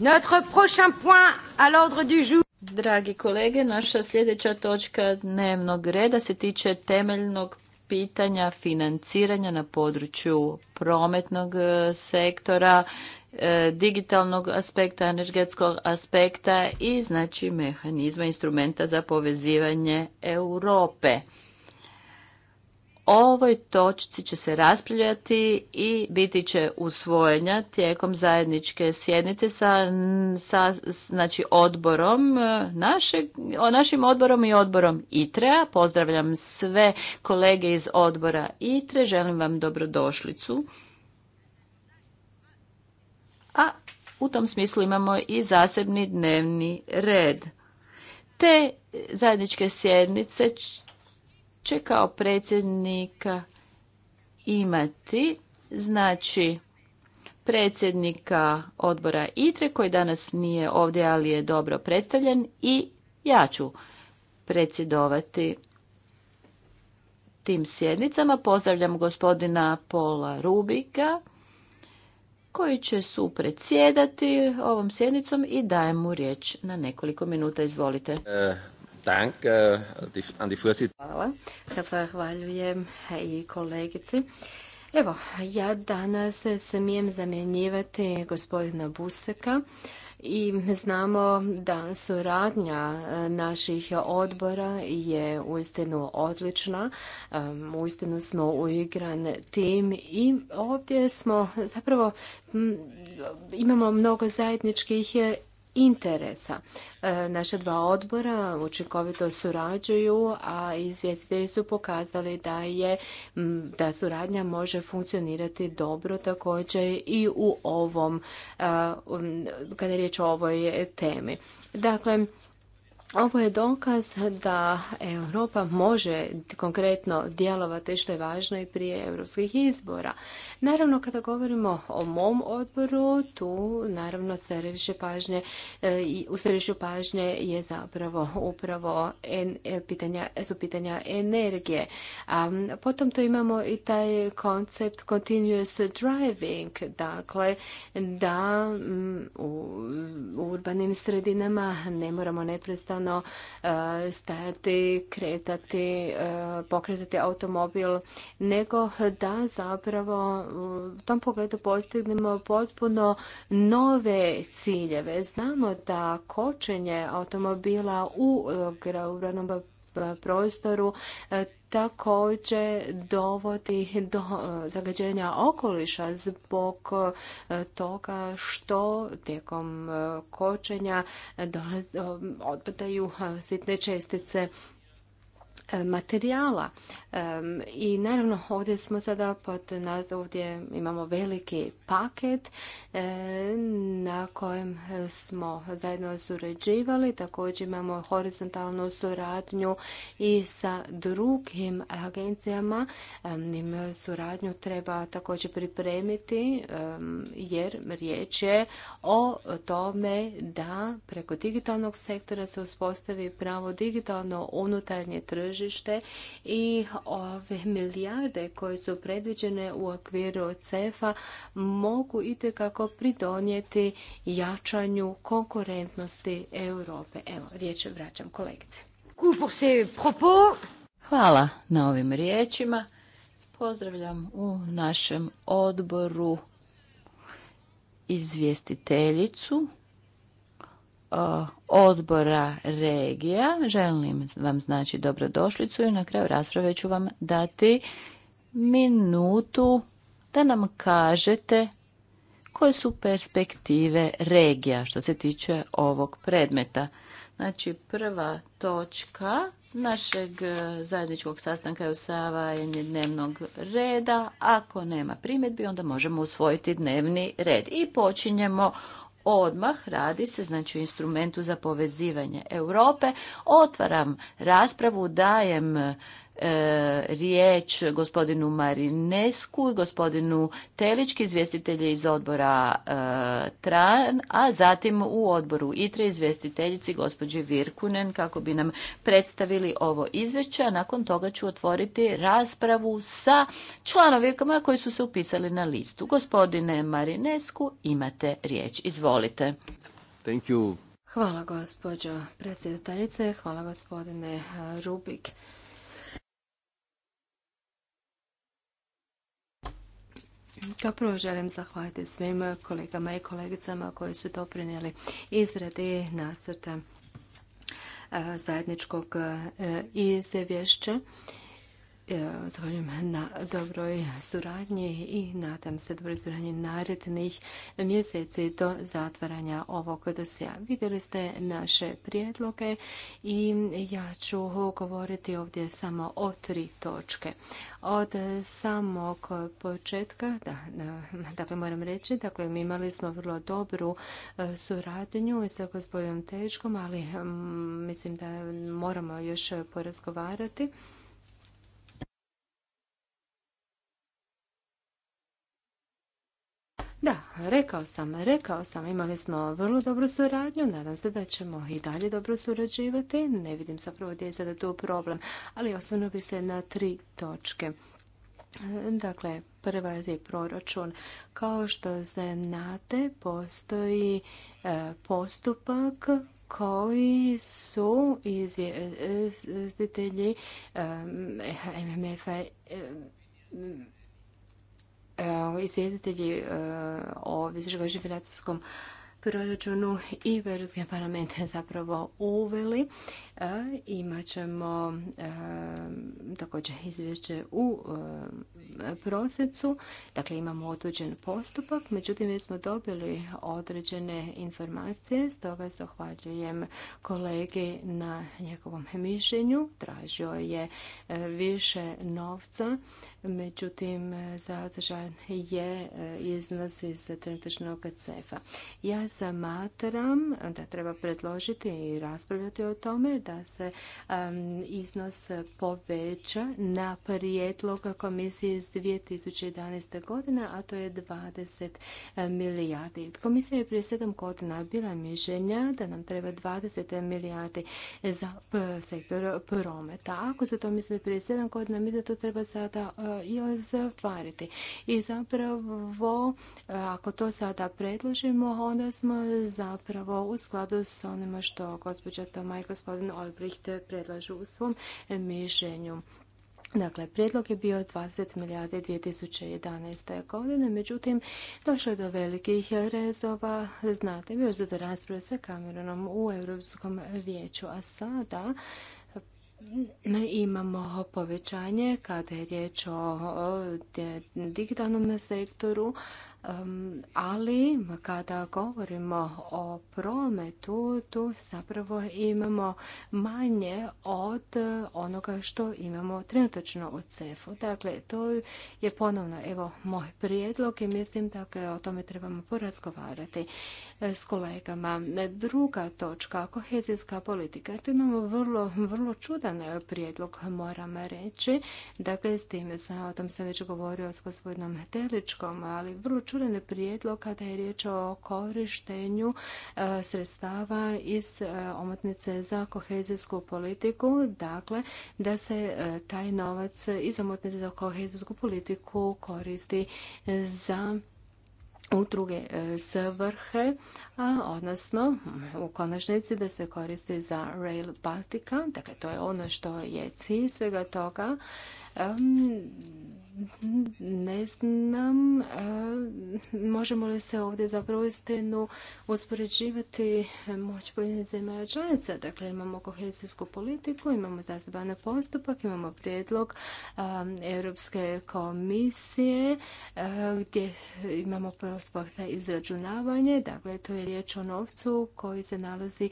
Notre point à l'ordre Dragi kolege, naša sljedeća točka dnevnog reda se tiče temeljnog pitanja financiranja na području prometnog e, sektora, e, digitalnog aspekta, energetskog aspekta i znači mehanizma instrumenta za povezivanje Europe ovoj točci će se raspravljati i biti će usvojenja tijekom zajedničke sjednice sa, sa znači odborom e, našeg, našim odborom i odborom ITRE-a. Pozdravljam sve kolege iz odbora ITRE, želim vam dobrodošlicu. A u tom smislu imamo i zasebni dnevni red. Te zajedničke sjednice će kao predsjednika imati znači predsjednika odbora ITRE koji danas nije ovdje ali je dobro predstavljen i ja ću predsjedovati tim sjednicama. Pozdravljam gospodina Pola Rubika koji će su predsjedati ovom sjednicom i dajem mu riječ na nekoliko minuta. Izvolite. E, Eh, Hvala. zahvaljujem i kolegici. Evo, ja danas smijem zamjenjivati gospodina Buseka i znamo da suradnja eh, naših odbora je uistinu odlična. Eh, uistinu smo uigran tim i ovdje smo zapravo mm, imamo mnogo zajedničkih interesa. E, naša dva odbora učinkovito surađuju, a izvjestitelji su pokazali da je da suradnja može funkcionirati dobro također i u ovom e, kada je riječ o ovoj temi. Dakle, ovo je dokaz da Europa može konkretno djelovati što je važno i prije europskih izbora. Naravno, kada govorimo o mom odboru, tu naravno središte pažnje, u e, središću pažnje je zapravo upravo en, e, pitanja, su pitanja energije. A potom to imamo i taj koncept continuous driving, dakle da mm, u urbanim sredinama ne moramo neprestano E, stajati, kretati, e, pokretati automobil, nego da zapravo u tom pogledu postignemo potpuno nove ciljeve. Znamo da kočenje automobila u e, prostoru također dovodi do e, zagađenja okoliša zbog e, toga što tijekom e, kočenja odpadaju sitne čestice materijala. I naravno ovdje smo sada pod nas ovdje imamo veliki paket e, na kojem smo zajedno surađivali. Također imamo horizontalnu suradnju i sa drugim agencijama. Suradnju treba također pripremiti jer riječ je o tome da preko digitalnog sektora se uspostavi pravo digitalno unutarnje tržište i ove milijarde koje su predviđene u okviru CEFA mogu itekako pridonijeti jačanju konkurentnosti Europe. Evo, riječ vraćam kolegice. Hvala na ovim riječima. Pozdravljam u našem odboru izvjestiteljicu E, odbora regija. Želim vam znači dobrodošlicu i na kraju rasprave ću vam dati minutu da nam kažete koje su perspektive regija što se tiče ovog predmeta. Znači prva točka našeg e, zajedničkog sastanka je usavajanje dnevnog reda. Ako nema primjedbi, onda možemo usvojiti dnevni red. I počinjemo odmah. Radi se znači o instrumentu za povezivanje Europe. Otvaram raspravu, dajem E, riječ gospodinu Marinesku i gospodinu Telički, izvjestitelji iz odbora e, Tran, a zatim u odboru ITRE izvjestiteljici gospođi Virkunen kako bi nam predstavili ovo izvješće, a nakon toga ću otvoriti raspravu sa članovima koji su se upisali na listu. Gospodine Marinesku, imate riječ. Izvolite. Hvala gospođo predsjedateljice, hvala gospodine Rubik. Kao prvo želim zahvaliti svim kolegama i kolegicama koji su doprinijeli izradi nacrta e, zajedničkog e, izvješća. E, zahvaljujem na dobroj suradnji i nadam se dobroj suradnji narednih mjeseci do zatvaranja ovog dosija. Vidjeli ste naše prijedloge i ja ću govoriti ovdje samo o tri točke. Od samog početka, da, dakle moram reći, dakle mi imali smo vrlo dobru e, suradnju sa gospodinom Teškom, ali mm, mislim da moramo još porazgovarati. Da, rekao sam, rekao sam, imali smo vrlo dobru suradnju, nadam se da ćemo i dalje dobro surađivati, ne vidim zapravo gdje je sada tu problem, ali osvrnuo bi se na tri točke. Dakle, prva je proračun. Kao što znate, postoji e, postupak koji su izvjestitelji e, MMF-a e, E, izvjetitelji e, o vizualnom financijskom proračunu i Europske parlament zapravo uveli. E, Imaćemo ćemo e, također izvješće u e, prosecu, dakle imamo otuđen postupak, međutim mi smo dobili određene informacije, stoga zahvaljujem kolegi na njegovom mišljenju, tražio je više novca, međutim zadržan je iznos iz trenutačnog cefa. Ja smatram da treba predložiti i raspravljati o tome da se iznos poveća na prijedlog komisije iz 2011. godine, a to je 20 milijardi. Komisija je prije sedam godina bila mišljenja da nam treba 20 milijardi za e, sektor prometa. Ako se to misli prije sedam godina, mi da to treba sada e, i ostvariti. I zapravo, e, ako to sada predložimo, onda smo zapravo u skladu s onima što gospođa Toma i gospodin Olbricht predlažu u svom mišljenju. Dakle, prijedlog je bio 20 milijarde 2011. godine, međutim, došlo je do velikih rezova. Znate, bio se do rasprave sa Cameronom u Europskom vijeću, a sada imamo povećanje kada je riječ o digitalnom sektoru, ali kada govorimo o prometu, tu zapravo imamo manje od onoga što imamo trenutačno u CEF-u. Dakle, to je ponovno evo moj prijedlog i mislim da o tome trebamo porazgovarati. E, s kolegama. Druga točka, kohezijska politika. Tu imamo vrlo, vrlo čudan e, prijedlog, moram reći. Dakle, s time sam, o tom sam već govorio s gospodinom Teličkom, ali vrlo čudan prijedlog kada je riječ o korištenju e, sredstava iz omotnice za kohezijsku politiku. Dakle, da se taj novac iz omotnice za kohezijsku politiku koristi za u druge e, svrhe, odnosno mm, u konačnici da se koristi za Rail Baltica. Dakle, to je ono što je cilj svega toga ne znam e, možemo li se ovdje zapravo istinu uspoređivati moć pojedinih zemalja članica. Dakle, imamo kohezijsku politiku, imamo zazivan postupak, imamo prijedlog e, Europske komisije e, gdje imamo postupak za izračunavanje. Dakle, to je riječ o novcu koji se nalazi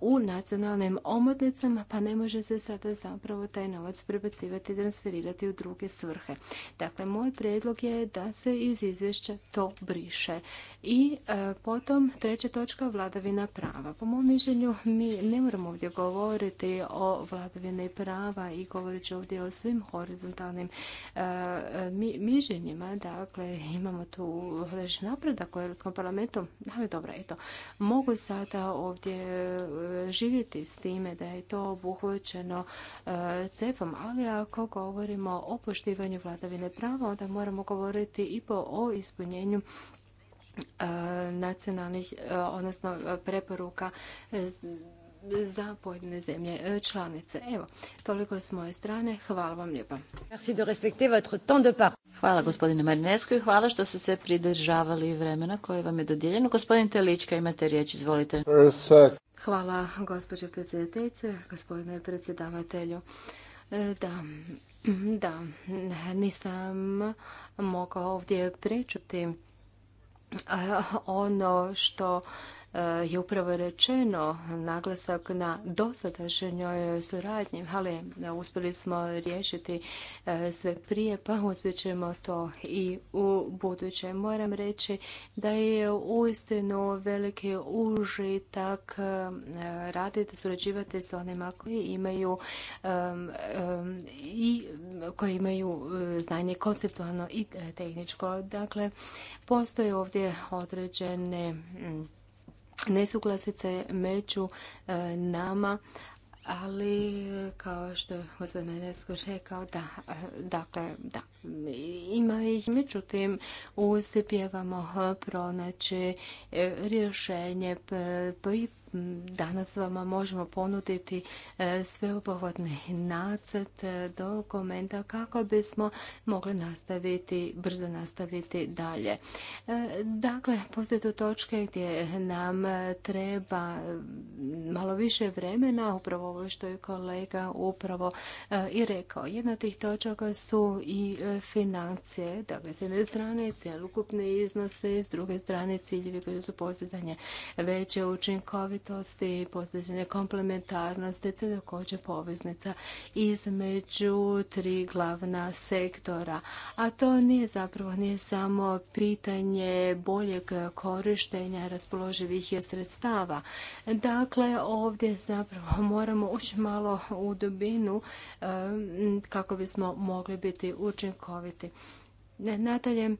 u nacionalnim omotnicama, pa ne može se sada zapravo taj novac prebacivati i transferirati u druge svrhe. Dakle, dakle, moj predlog je da se iz izvješća to briše. I e, potom treća točka vladavina prava. Po mom mišljenju mi ne moramo ovdje govoriti o vladavini prava i govorit ću ovdje o svim horizontalnim e, mi, mišljenjima. Dakle, imamo tu određen napredak u Europskom parlamentu, ali dobro, eto, mogu sada ovdje e, živjeti s time da je to obuhvaćeno e, cefom, ali ako govorimo o poštivanju vladavine prava, onda moramo govoriti i po o ispunjenju e, nacionalnih, e, odnosno e, preporuka za pojedine zemlje članice. Evo, toliko s moje strane. Hvala vam lijepa. Hvala gospodine Marinesku i hvala što ste se pridržavali vremena koje vam je dodijeljeno. Gospodin Telička, imate riječ, izvolite. Hvala gospođo predsjedateljice, gospodine predsjedavatelju. Da, da, nisam mogao ovdje pričati ono što je upravo rečeno naglasak na dosadašnjoj suradnji, ali uspjeli smo riješiti e, sve prije, pa ćemo to i u buduće. Moram reći da je uistinu veliki užitak e, raditi, surađivati s onima koji imaju e, i koji imaju znanje konceptualno i tehničko. Dakle, postoje ovdje određene nesuglasice među e, nama, ali e, kao što je gospodin resko rekao, da, e, dakle, da, ima ih, međutim, uspjevamo pronaći e, rješenje pa i Danas vam možemo ponuditi e, sveobuhvatni nacrt dokumenta kako bismo mogli nastaviti, brzo nastaviti dalje. E, dakle, postoje tu točke gdje nam treba malo više vremena, upravo ovo što je kolega upravo i rekao. Jedna od tih točaka su i financije. Dakle, s jedne strane cjelokupni iznose, s druge strane ciljevi koji su postizanje veće učinkovitosti, postizanje komplementarnosti, te također poveznica između tri glavna sektora. A to nije zapravo nije samo pitanje boljeg korištenja raspoloživih sredstava. Dakle, ovdje zapravo moramo ući malo u dubinu kako bismo mogli biti učinkoviti slikoviti. Nadalje,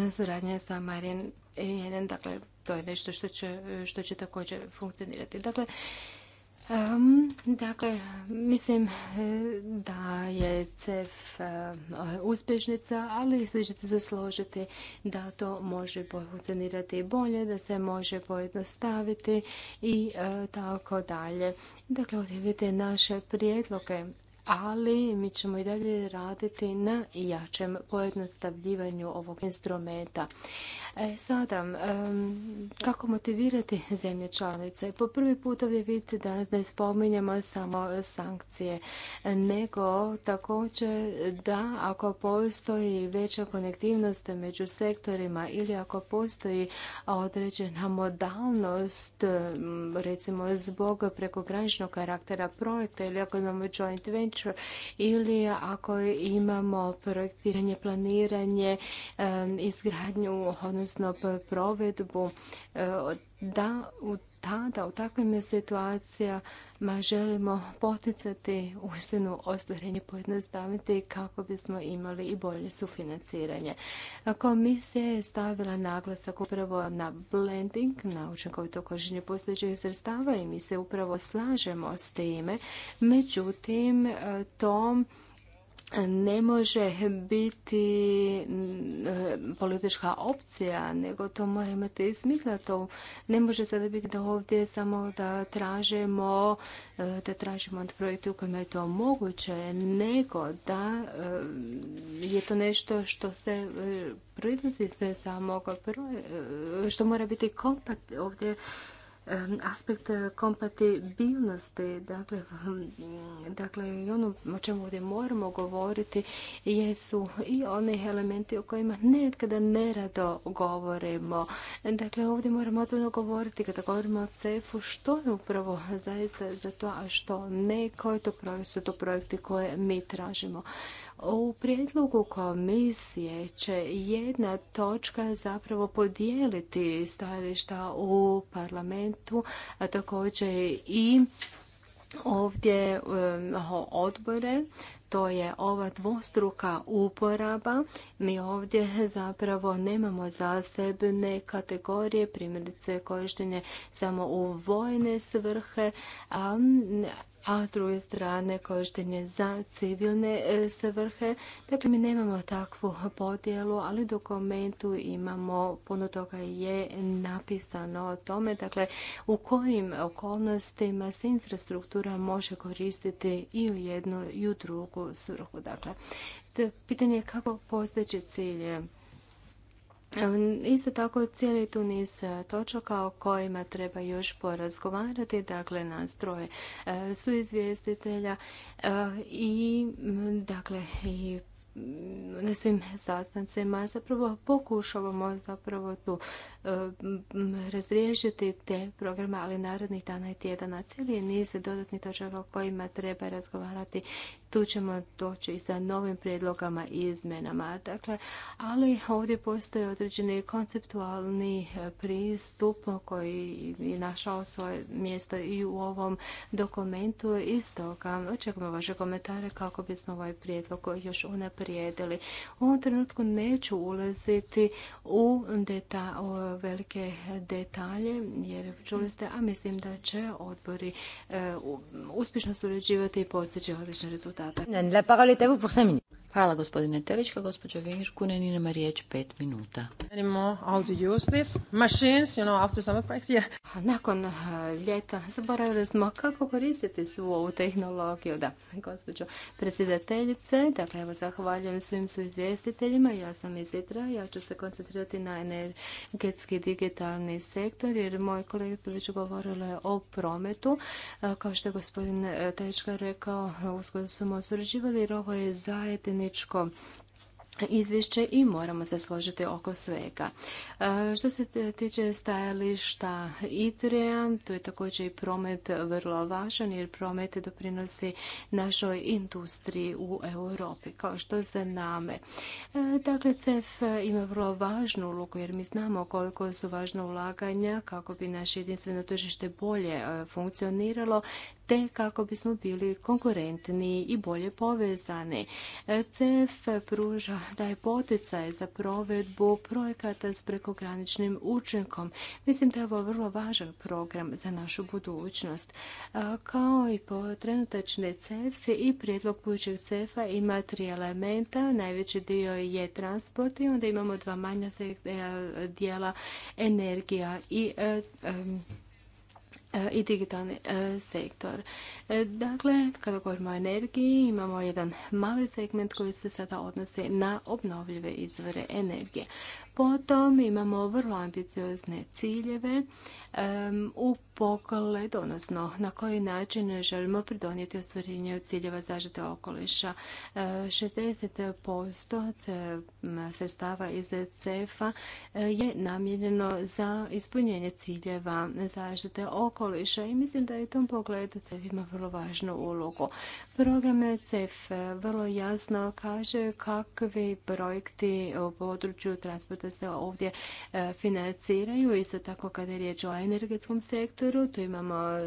e, suradnja sa Marin dakle, to je nešto što će, što će također funkcionirati. Dakle, dakle, mislim eh, da je CEF eh, uspješnica, ali svi ćete se složiti da to može funkcionirati bolje, da se može pojednostaviti i eh, tako dalje. Dakle, ovdje vidite naše prijedloge, ali mi ćemo i dalje raditi na jačem pojednostavljivanju ovog instrumenta. E, sada, kako motivirati zemlje članice? Po prvi put ovdje vidite da ne spominjamo samo sankcije, nego također da ako postoji veća konektivnost među sektorima ili ako postoji određena modalnost, recimo zbog prekograničnog karaktera projekta ili ako imamo joint venture, ili ako imamo projektiranje, planiranje, izgradnju, odnosno provedbu e, da u tada u takvim situacijama želimo poticati uistinu ostvarenje pojednostaviti kako bismo imali i bolje sufinanciranje. Komisija je stavila naglasak upravo na blending, na učinkovito korištenje postojećih sredstava i mi se upravo slažemo s time. Međutim, tom ne može biti mm, e, politička opcija, nego to mora imati smisla. To ne može sada biti da ovdje samo da tražimo, e, da tražimo od projekta u kojima je to moguće, nego da e, je to nešto što se proizlazi iz samog što mora biti kompakt ovdje aspekt e, kompatibilnosti, dakle, dakle ono o čemu ovdje moramo govoriti jesu i oni elementi o kojima nekada nerado govorimo. Dakle, ovdje moramo otvoreno govoriti kada govorimo o CEF-u što je upravo zaista za to, a što ne, koji to su to projekti koje mi tražimo. U prijedlogu komisije će jedna točka zapravo podijeliti stajališta u parlamentu, a također i ovdje um, odbore to je ova dvostruka uporaba. Mi ovdje zapravo nemamo zasebne kategorije, primjerice korištenje samo u vojne svrhe, a s druge strane korištenje za civilne e, svrhe. Dakle, mi nemamo takvu podjelu, ali u dokumentu imamo puno toga je napisano o tome, dakle, u kojim okolnostima se infrastruktura može koristiti i u jednu i u drugu svrhu. Dakle, pitanje je kako postići cilje Isto tako cijeli tu niz e, točaka o kojima treba još porazgovarati, dakle nastroje e, su izvjestitelja e, i dakle i na svim sastancima zapravo pokušavamo zapravo tu razriješiti te programe, ali narodnih dana i tjedana cijeli je niz dodatnih točaka o kojima treba razgovarati tu ćemo doći sa novim prijedlogama i izmenama. Dakle, ali ovdje postoje određeni konceptualni e, pristup koji je našao svoje mjesto i u ovom dokumentu. Isto očekujemo vaše komentare kako bismo ovaj prijedlog još unaprijedili. U ovom trenutku neću ulaziti u, deta, velike detalje jer čuli ste, a mislim da će odbori e, uspješno surađivati i postići odlične rezultate. La parole est à vous pour 5 Hvala gospodine Telička. Gospođa ne ima riječ pet minuta. Nakon uh, ljeta zaboravili smo kako koristiti svu ovu tehnologiju. Da, gospođo predsjedateljice, dakle evo zahvaljujem svim su izvjestiteljima. Ja sam Itra, ja ću se koncentrirati na energetski digitalni sektor jer moje kolege su već govorile o prometu. Uh, kao što je gospodin uh, Telička rekao, uskoro smo osvrđivali jer ovo je zajedni zajedničko izvješće i moramo se složiti oko svega. E, što se tiče stajališta ITREA, tu je također i promet vrlo važan jer promet doprinosi našoj industriji u Europi kao što se name. E, dakle, CEF ima vrlo važnu ulogu jer mi znamo koliko su važna ulaganja kako bi naše jedinstveno tržište bolje e, funkcioniralo te kako bismo bili konkurentni i bolje povezani. CEF pruža daje poticaj za provedbu projekata s prekograničnim učinkom. Mislim da je ovo vrlo važan program za našu budućnost. Kao i po trenutačne CEF i prijedlog budućeg CEF-a ima tri elementa. Najveći dio je transport i onda imamo dva manja e, dijela energija i e, E, i digitalni e, sektor. E, dakle, kada govorimo o energiji, imamo jedan mali segment koji se sada odnosi na obnovljive izvore energije. Potom imamo vrlo ambiciozne ciljeve um, u pogled, odnosno na koji način želimo pridonijeti ostvarenju ciljeva zaštite okoliša. 60% sredstava iz cef eh, je namijenjeno za ispunjenje ciljeva zaštite okoliša i mislim da je u tom pogledu CEF ima vrlo važnu ulogu. Program CEF eh, vrlo jasno kaže kakvi projekti u području transporta da se ovdje e, financiraju. Isto tako kada je riječ o energetskom sektoru, tu imamo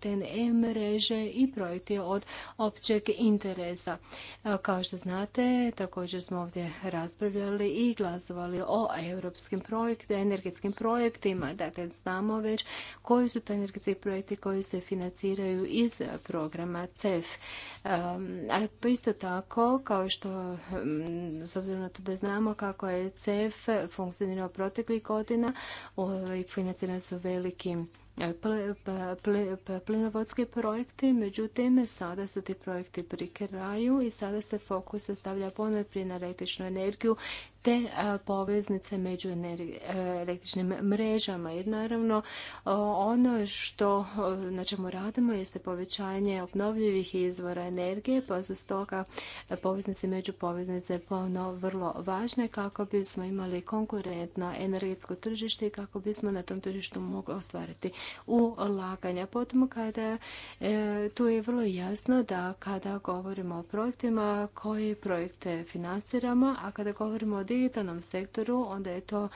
TNE mreže i projekti od općeg interesa. E, kao što znate, također smo ovdje raspravljali i glasovali o europskim projektima, energetskim projektima. Dakle, znamo već koji su to energetski projekti koji se financiraju iz programa CEF. A pa isto tako, kao što, s obzirom na to da znamo kako je CEF funkcionirao proteklih godina, financirani su velikim pa, pa, Plinovodske projekti, međutim sada su ti projekti pri kraju i sada se fokus stavlja ponajprije na električnu energiju te poveznice među e, električnim mrežama. Jer naravno ono što na čemu radimo jeste povećanje obnovljivih izvora energije, pa su stoga poveznice među poveznice ponovno vrlo važne kako bismo imali konkurentno energetsko tržište i kako bismo na tom tržištu mogli ostvariti u laganja. Potom kada e, tu je vrlo jasno da kada govorimo o projektima koje projekte financiramo, a kada govorimo o digitalnom sektoru onda je to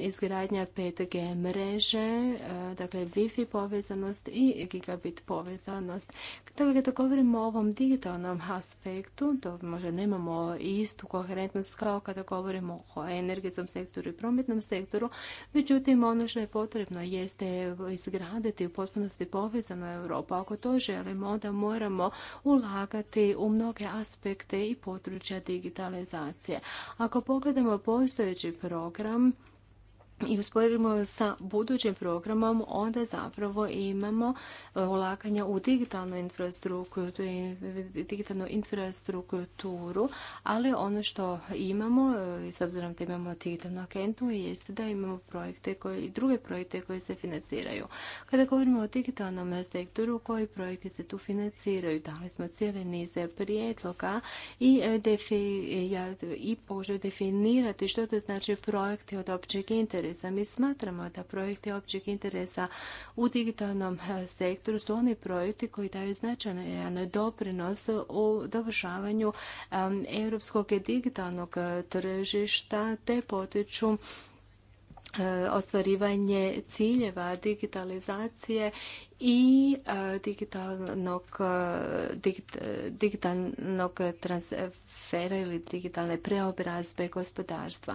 izgradnja 5G mreže, e, dakle Wi-Fi povezanost i gigabit povezanost. Dakle, kada govorimo o ovom digitalnom aspektu, to možda nemamo istu koherentnost kao kada govorimo o energetskom sektoru i prometnom sektoru, međutim ono što je potrebno jeste izgraditi u potpunosti povezanu Europa. Ako to želimo, onda moramo ulagati u mnoge aspekte i područja digitalizacije. Ako pogledamo postojeći program, i usporedimo sa budućim programom, onda zapravo imamo e, ulaganja u digitalnu infrastrukturu, digitalnu infrastrukturu, ali ono što imamo, e, s obzirom da imamo digitalnu agentu, jeste da imamo projekte koji, druge projekte koje se financiraju. Kada govorimo o digitalnom sektoru, koji projekti se tu financiraju, dali smo cijeli niz prijedloga i, e, defi, i definirati što to znači projekti od općeg interesa interesa. Mi smatramo da projekti općeg interesa u digitalnom e, sektoru su oni projekti koji daju značajan doprinos u dovršavanju europskog digitalnog e, tržišta te potiču e, ostvarivanje ciljeva digitalizacije i digitalnog, digitalnog afere ili digitalne preobrazbe gospodarstva.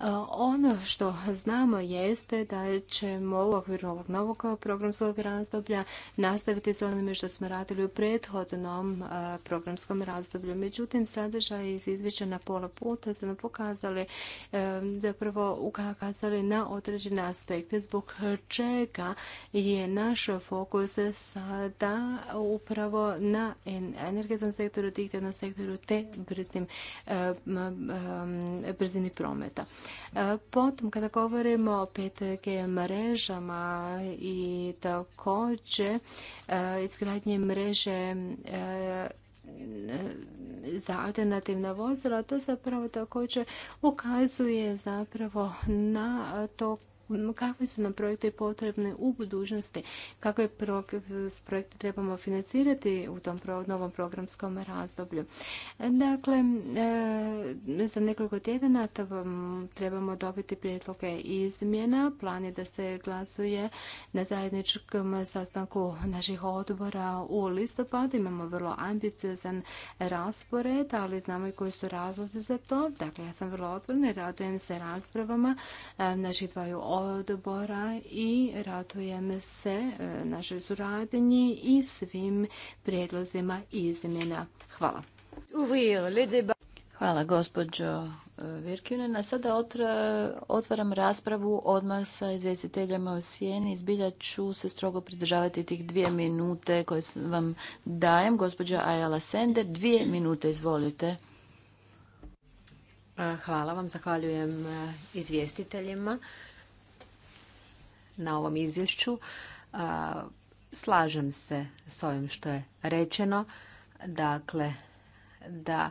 E, ono što znamo jeste da ćemo u okviru ovog novog programskog razdoblja nastaviti s onome što smo radili u prethodnom e, programskom razdoblju. Međutim, sadržaj iz izvješća na pola puta su nam pokazali, e, zapravo ukazali na određene aspekte zbog čega je naš fokus sada upravo na energetskom sektoru, digitalnom sektoru te E, e, brzini prometa. E, potom, kada govorimo o 5G mrežama i također izgradnje mreže za alternativna vozila, to zapravo također ukazuje zapravo na to kakvi su nam projekte potrebne u budućnosti, kakve projekte trebamo financirati u tom novom programskom razdoblju. Dakle, e, za nekoliko tjedana trebamo dobiti prijedloge izmjena. Plan je da se glasuje na zajedničkom sastanku naših odbora u listopadu. Imamo vrlo ambiciozan raspored, ali znamo i koji su razlozi za to. Dakle, ja sam vrlo otvorna, i radujem se raspravama e, naših dvaju odbora i radujem se e, našoj suradnji i svim prijedlozima izmjena. Hvala. Hvala gospođo e, Virkinen. A sada otvaram raspravu odmah sa izvjestiteljama u sjeni. zbilja ću se strogo pridržavati tih dvije minute koje vam dajem. Gospođa Ayala Sender, dvije minute, izvolite. E, hvala vam, zahvaljujem izvjestiteljima na ovom izvješću. Slažem se s ovim što je rečeno, dakle da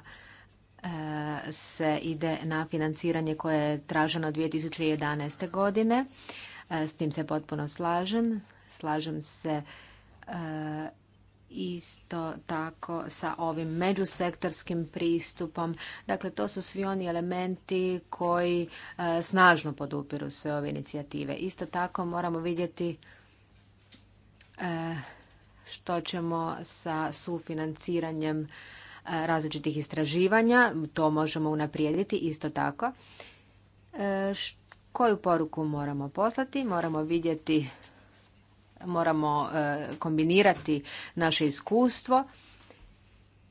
e, se ide na financiranje koje je traženo od 2011. godine. E, s tim se potpuno slažem. Slažem se e, isto tako sa ovim međusektorskim pristupom. Dakle, to su svi oni elementi koji e, snažno podupiru sve ove inicijative. Isto tako moramo vidjeti e, što ćemo sa sufinanciranjem e, različitih istraživanja. To možemo unaprijediti isto tako. Koju poruku moramo poslati? Moramo vidjeti moramo e, kombinirati naše iskustvo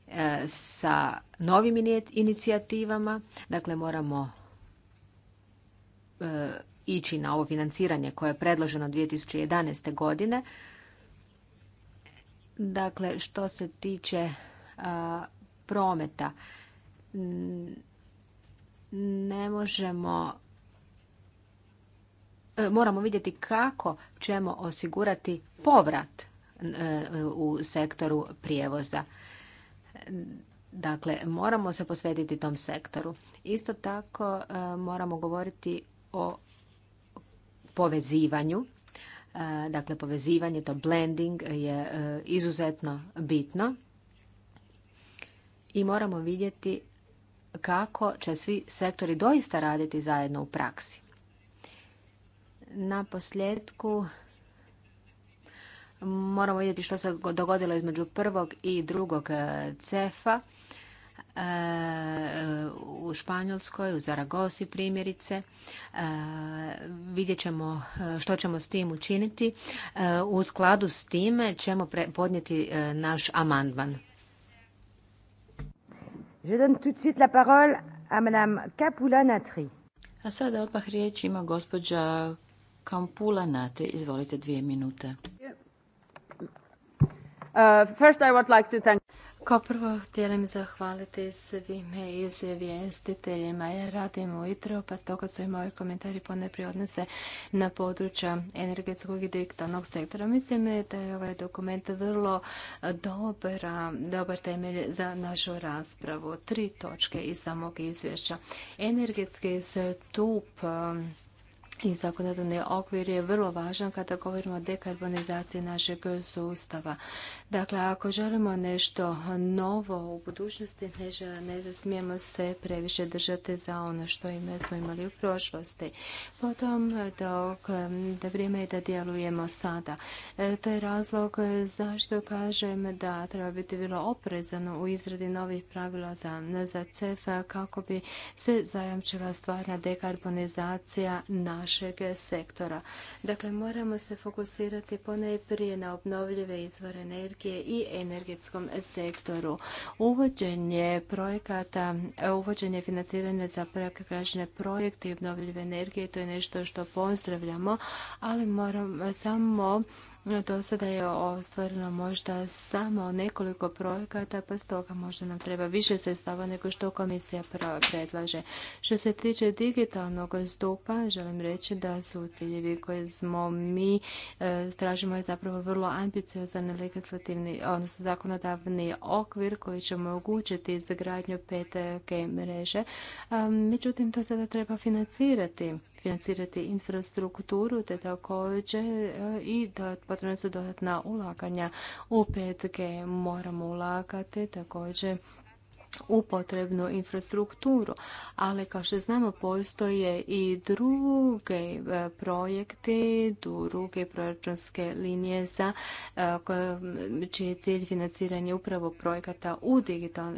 e, sa novim inicijativama. Dakle, moramo e, ići na ovo financiranje koje je predloženo 2011. godine. Dakle, što se tiče prometa, ne možemo E, moramo vidjeti kako ćemo osigurati povrat e, u sektoru prijevoza. Dakle, moramo se posvetiti tom sektoru. Isto tako e, moramo govoriti o povezivanju. Dakle, povezivanje, to blending je izuzetno bitno. I moramo vidjeti kako će svi sektori doista raditi zajedno u praksi. Na posljedku moramo vidjeti što se dogodilo između prvog i drugog e, cefa e, u Španjolskoj, u Zaragosi primjerice. E, vidjet ćemo što ćemo s tim učiniti. U skladu s time ćemo podnijeti naš amandman. A sada odmah riječ ima gospođa Kampula Nate, izvolite dvije minute. Uh, first I would like to thank... Kao prvo htjelim zahvaliti svim izvjestiteljima jer radim ujutro pa stoga su i moji komentari pone odnose na područja energetskog i digitalnog sektora. Mislim da je ovaj dokument vrlo dobra, dobar temelj za našu raspravu. Tri točke iz samog izvješća. Energetski stup um, i zakonodavni okvir je vrlo važan kada govorimo o dekarbonizaciji našeg sustava. Dakle, ako želimo nešto novo u budućnosti, ne, ne smijemo se previše držati za ono što ime smo imali u prošlosti. Potom, dok, da vrijeme je da djelujemo sada. E, to je razlog zašto kažem da treba biti bilo oprezano u izradi novih pravila za, za CEF kako bi se zajamčila stvarna dekarbonizacija našeg sektora. Dakle, moramo se fokusirati ponajprije na obnovljive izvore energije i energetskom sektoru. Uvođenje projekata, uvođenje financiranja za prekražne projekte i obnovljive energije, to je nešto što pozdravljamo, ali moram samo do sada je ostvareno možda samo nekoliko projekata, pa stoga možda nam treba više sredstava nego što komisija predlaže. Što se tiče digitalnog stupa, želim reći da su ciljevi koje smo mi e, tražimo je zapravo vrlo ambiciozan legislativni, odnosno zakonodavni okvir koji će omogućiti izgradnju 5G mreže. Međutim, to sada treba financirati financirati infrastrukturu, te također e, i da potrebno su dodatna ulaganja u 5 moramo ulagati, također upotrebnu infrastrukturu, ali kao što znamo postoje i druge e, projekte, druge proračunske linije za e, čiji je cilj financiranje upravo projekata u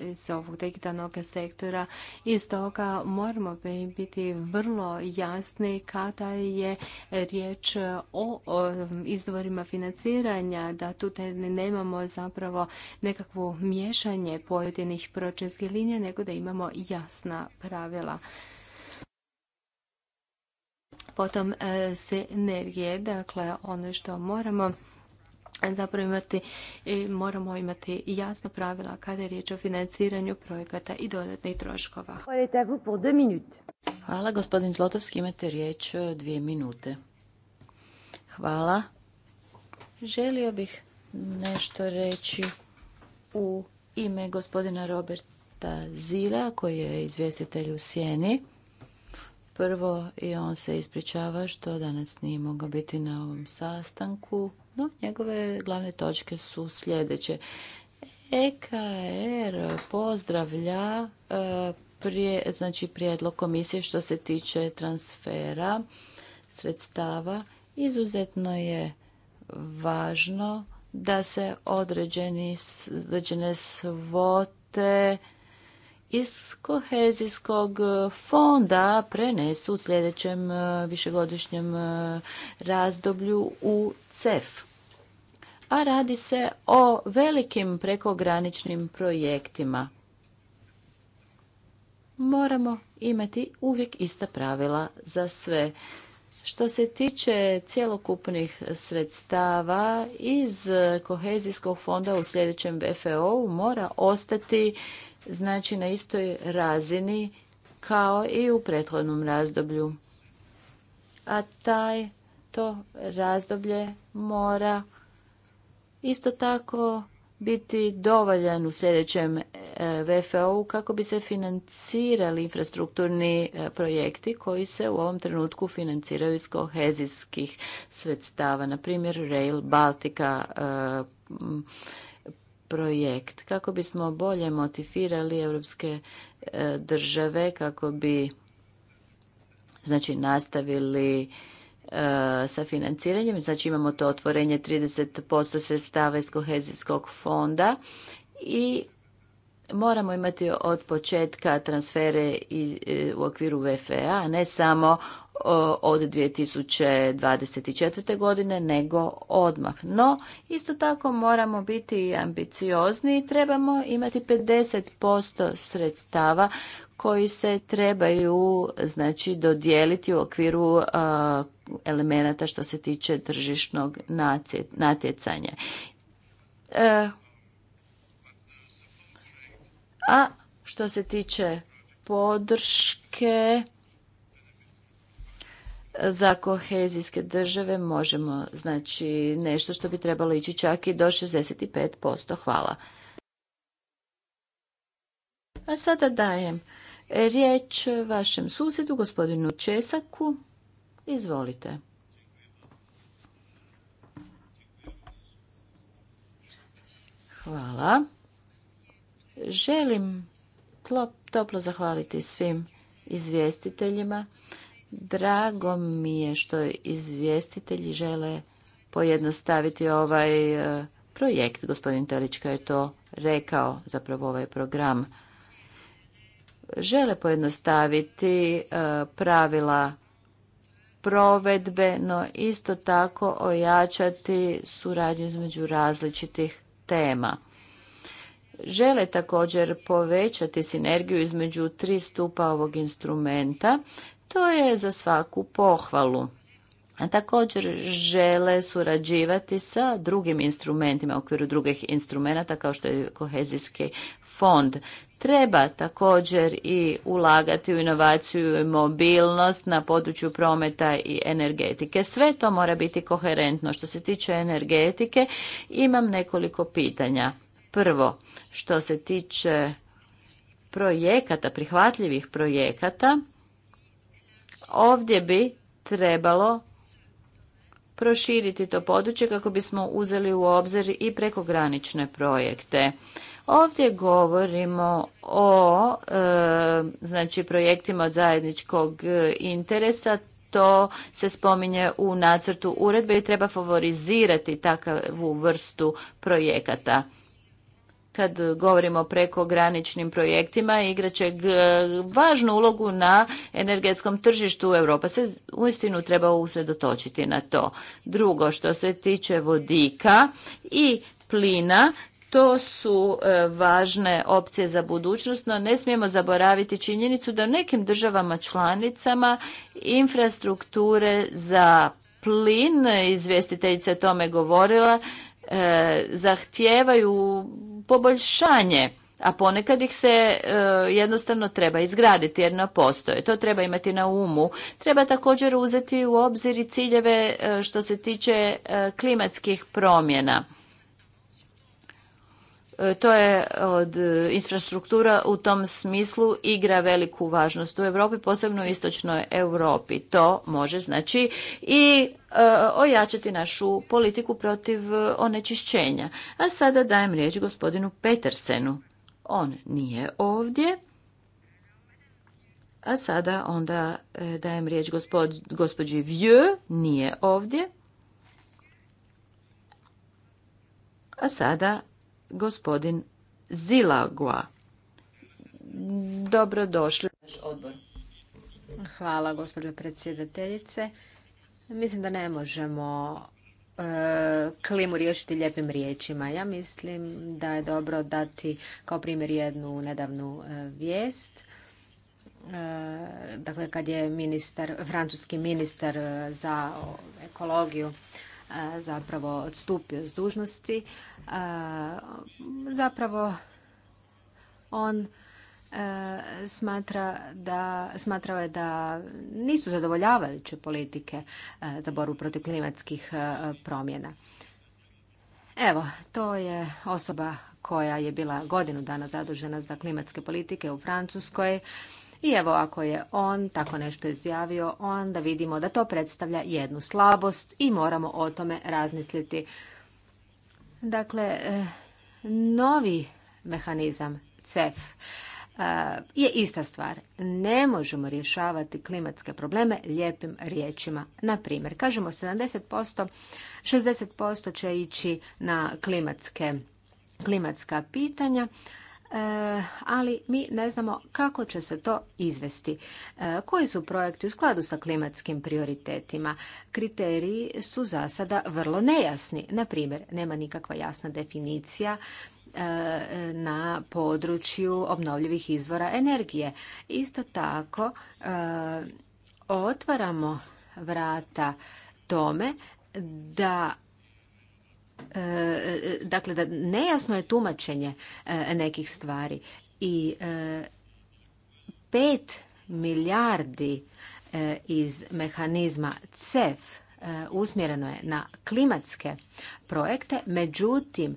iz ovog digitalnog sektora i stoga moramo biti vrlo jasni kada je riječ o izvorima financiranja, da tu nemamo zapravo nekakvo miješanje pojedinih proračunskih linije, nego da imamo jasna pravila. Potom se energije dakle ono što moramo zapravo imati, moramo imati jasna pravila kada je riječ o financiranju projekata i dodatnih troškova. Hvala, gospodin Zlotovski, imate riječ e, dvije minute. Hvala. Želio bih nešto reći u ime gospodina Roberta Zila koji je izvjestitelj u Sjeni. Prvo i on se ispričava što danas nije mogao biti na ovom sastanku, no njegove glavne točke su sljedeće. EKR er pozdravlja e, prije, znači prijedlog komisije što se tiče transfera sredstava. Izuzetno je važno da se određene svote iz kohezijskog e, fonda prenesu u sljedećem e, višegodišnjem e, razdoblju u CEF. A radi se o velikim prekograničnim projektima. Moramo imati uvijek ista pravila za sve. Što se tiče cjelokupnih sredstava iz kohezijskog fonda u sljedećem vfo mora ostati znači na istoj razini kao i u prethodnom razdoblju. A taj to razdoblje mora isto tako biti dovoljan u sljedećem e, VFO-u kako bi se financirali infrastrukturni e, projekti koji se u ovom trenutku financiraju iz kohezijskih sredstava, na primjer Rail Baltica e, projekt kako bismo bolje motivirali europske e, države kako bi znači nastavili e, sa financiranjem. Znači imamo to otvorenje 30% sredstava iz kohezijskog fonda i moramo imati od početka transfere e, u okviru VFA, a ne samo od 2024. godine, nego odmah. No, isto tako moramo biti ambiciozni i trebamo imati 50% sredstava koji se trebaju znači dodijeliti u okviru e, elemenata što se tiče tržišnog natjecanja. E, a što se tiče podrške za kohezijske države možemo, znači nešto što bi trebalo ići čak i do 65%. Hvala. A sada dajem riječ vašem susjedu, gospodinu Česaku. Izvolite. Hvala. Želim toplo zahvaliti svim izvjestiteljima. Drago mi je što izvjestitelji žele pojednostaviti ovaj e, projekt. Gospodin Telička je to rekao, zapravo ovaj program. Žele pojednostaviti e, pravila provedbe, no isto tako ojačati suradnju između različitih tema žele također povećati sinergiju između tri stupa ovog instrumenta. To je za svaku pohvalu. A također žele surađivati sa drugim instrumentima u okviru drugih instrumenta kao što je kohezijski fond. Treba također i ulagati u inovaciju i mobilnost na području prometa i energetike. Sve to mora biti koherentno. Što se tiče energetike, imam nekoliko pitanja. Prvo, što se tiče projekata, prihvatljivih projekata, ovdje bi trebalo proširiti to područje kako bismo uzeli u obzir i prekogranične projekte. Ovdje govorimo o e, znači projektima od zajedničkog e, interesa, to se spominje u nacrtu uredbe i treba favorizirati takvu vrstu projekata kad govorimo o prekograničnim projektima, igrat će važnu ulogu na energetskom tržištu. Europa se uistinu treba usredotočiti na to. Drugo, što se tiče vodika i plina, to su e, važne opcije za budućnost, no ne smijemo zaboraviti činjenicu da u nekim državama članicama infrastrukture za plin, izvjestiteljica o tome govorila, E, zahtijevaju poboljšanje a ponekad ih se e, jednostavno treba izgraditi jer na postoje. To treba imati na umu. Treba također uzeti u obzir i ciljeve e, što se tiče klimatskih promjena. E, to je od e, infrastruktura u tom smislu igra veliku važnost u Europi, posebno u istočnoj Europi. To može znači i e, ojačati našu politiku protiv onečišćenja. A sada dajem riječ gospodinu Petersenu. On nije ovdje. A sada onda dajem riječ gospod, gospođi Vieux, nije ovdje. A sada gospodin Zilagua. Dobrodošli u naš odbor. Hvala, gospođo predsjedateljice. Mislim da ne možemo e, klimu riješiti lijepim riječima. Ja mislim da je dobro dati kao primjer jednu nedavnu e, vijest. E, dakle, kad je ministar, francuski ministar za ekologiju Eh, zapravo odstupio s dužnosti, eh, zapravo on eh, smatra da, smatrao je da nisu zadovoljavajuće politike za borbu protiv klimatskih promjena. Evo, to je osoba koja je bila godinu dana zadužena za klimatske politike u Francuskoj. I evo ako je on tako nešto izjavio, onda vidimo da to predstavlja jednu slabost i moramo o tome razmisliti. Dakle, eh, novi mehanizam CEF eh, je ista stvar. Ne možemo rješavati klimatske probleme lijepim riječima. Na primjer, kažemo 70%, 60% će ići na klimatske, klimatska pitanja, Eh, ali mi ne znamo kako će se to izvesti. Eh, koji su projekti u skladu sa klimatskim prioritetima? Kriteriji su za sada vrlo nejasni. Na nema nikakva jasna definicija eh, na području obnovljivih izvora energije. Isto tako otvaramo vrata tome da E, e, dakle da nejasno je tumačenje e, nekih stvari i pet milijardi iz mehanizma CEF usmjereno je na klimatske projekte, međutim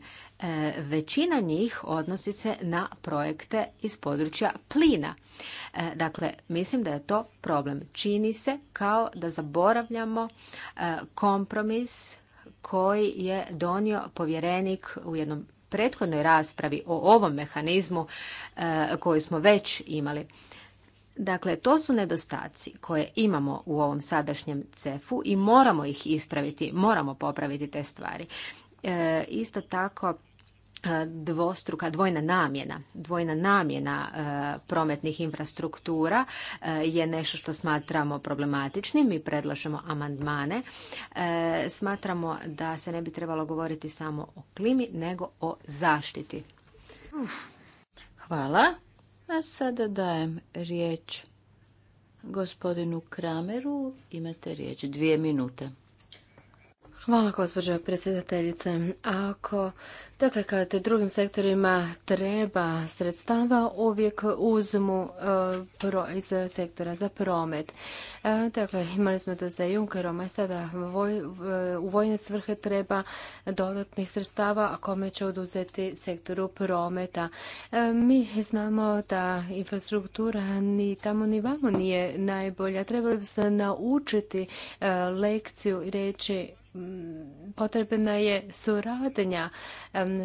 većina njih odnosi se na projekte iz područja plina. Dakle, mislim da je to problem. Čini se kao da zaboravljamo kompromis koji je donio povjerenik u jednom prethodnoj raspravi o ovom mehanizmu e, koji smo već imali. Dakle, to su nedostaci koje imamo u ovom sadašnjem cefu i moramo ih ispraviti, moramo popraviti te stvari. E, isto tako dvostruka dvojna namjena dvojna namjena e, prometnih infrastruktura e, je nešto što smatramo problematičnim i predlažemo amandmane e, smatramo da se ne bi trebalo govoriti samo o klimi nego o zaštiti hvala a sada dajem riječ gospodinu Krameru imate riječ dvije minute Hvala gospođo predsjedateljice. Ako, dakle, kad drugim sektorima treba sredstava, uvijek uzmu e, iz sektora za promet. E, dakle, imali smo to za Junkerom, a sada e, u vojne svrhe treba dodatnih sredstava, a kome će oduzeti sektoru prometa. Mi znamo da infrastruktura ni tamo ni vamo nije najbolja. Trebali bi se naučiti lekciju i reći Mm, potrebna je suradnja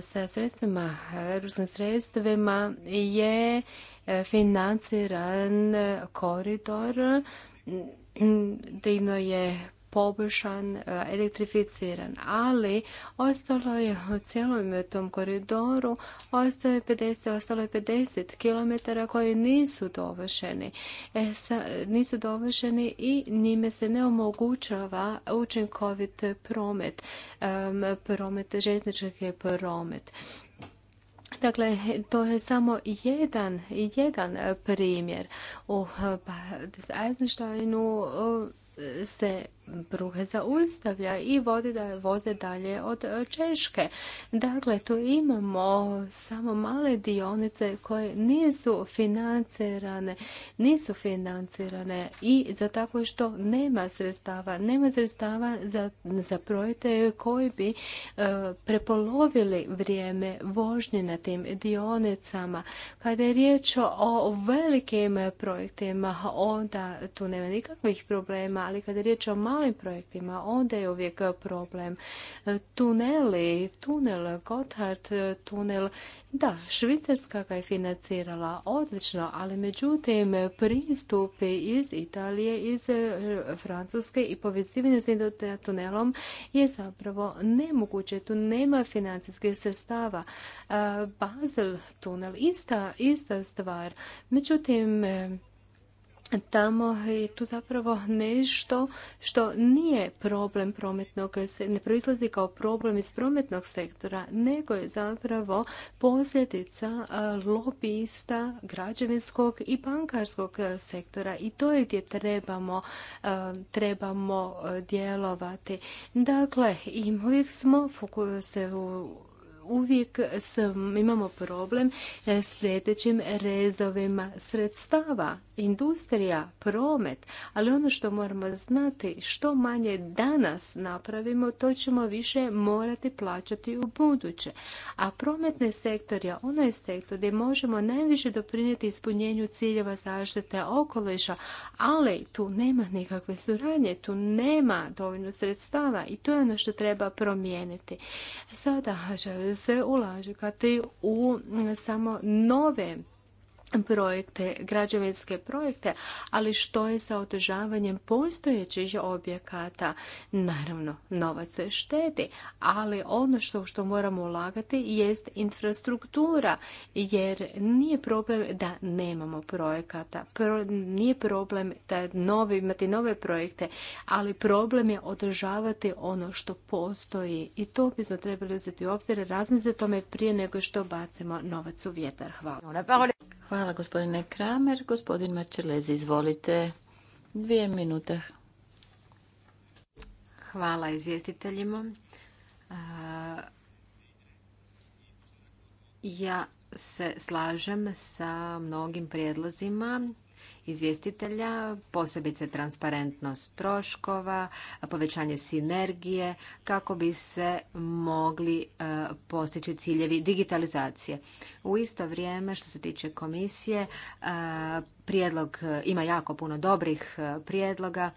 sa sredstvima, ruskim sredstvima je e, financiran koridor mm, mm, Divno je poboljšan, e, elektrificiran, ali ostalo je u cijelom tom koridoru ostalo je 50, ostalo 50 km koji nisu dovršeni. E, nisu dovršeni i njime se ne omogućava učinkovit promet, promet, željeznički promet. Dakle, to je samo jedan, jedan primjer. U pa, Eisensteinu se pruge zaustavlja i vodi da voze dalje od e, Češke. Dakle, tu imamo samo male dionice koje nisu financirane, nisu financirane i za tako što nema sredstava. Nema sredstava za, za projekte koji bi e, prepolovili vrijeme vožnje na tim dionicama. Kada je riječ o velikim projektima, onda tu nema nikakvih problema, ali kada je riječ o malo malim projektima, ovdje je uvijek problem. Tuneli, tunel Gotthard, tunel, da, Švicarska ga je financirala odlično, ali međutim pristupi iz Italije, iz e, Francuske i povezivanje s tunelom je zapravo nemoguće. Tu nema financijskih sredstava. E, Basel tunel, ista stvar. Međutim, tamo je tu zapravo nešto što nije problem prometnog, ne proizlazi kao problem iz prometnog sektora, nego je zapravo posljedica lobista građevinskog i bankarskog sektora i to je gdje trebamo, trebamo djelovati. Dakle, i uvijek smo se u uvijek imamo problem e, s prijetećim rezovima sredstava, industrija, promet, ali ono što moramo znati, što manje danas napravimo, to ćemo više morati plaćati u buduće. A prometni sektor je onaj sektor gdje možemo najviše doprinijeti ispunjenju ciljeva zaštite okoliša, ali tu nema nikakve suradnje, tu nema dovoljno sredstava i to je ono što treba promijeniti. Sada želim se ti u samo nove projekte, građevinske projekte, ali što je sa održavanjem postojećih objekata? Naravno, novac se štedi, ali ono što, što moramo ulagati jest infrastruktura, jer nije problem da nemamo projekata, nije problem da novi, imati nove projekte, ali problem je održavati ono što postoji i to bismo trebali uzeti u obzir, razmislite tome prije nego što bacimo novac u vjetar. Hvala. Hvala Hvala gospodine Kramer. Gospodin Marčelezi, izvolite. Dvije minute. Hvala izvjestiteljima. Ja se slažem sa mnogim prijedlozima izvjestitelja, posebice transparentnost troškova, povećanje sinergije kako bi se mogli e, postići ciljevi digitalizacije. U isto vrijeme što se tiče komisije, e, prijedlog ima jako puno dobrih e, prijedloga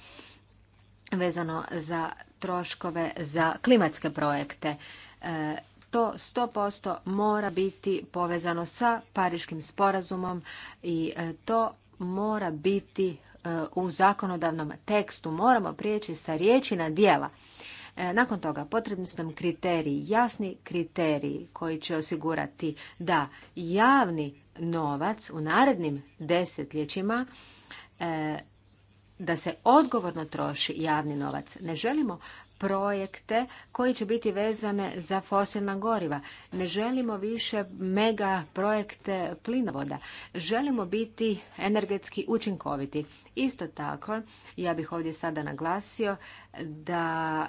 vezano za troškove za klimatske projekte to 100% mora biti povezano sa Pariškim sporazumom i to mora biti e, u zakonodavnom tekstu. Moramo prijeći sa riječi na dijela. E, nakon toga potrebni su nam kriteriji, jasni kriteriji koji će osigurati da javni novac u narednim desetljećima e, da se odgovorno troši javni novac. Ne želimo projekte koji će biti vezane za fosilna goriva. Ne želimo više mega projekte plinovoda. Želimo biti energetski učinkoviti. Isto tako, ja bih ovdje sada naglasio da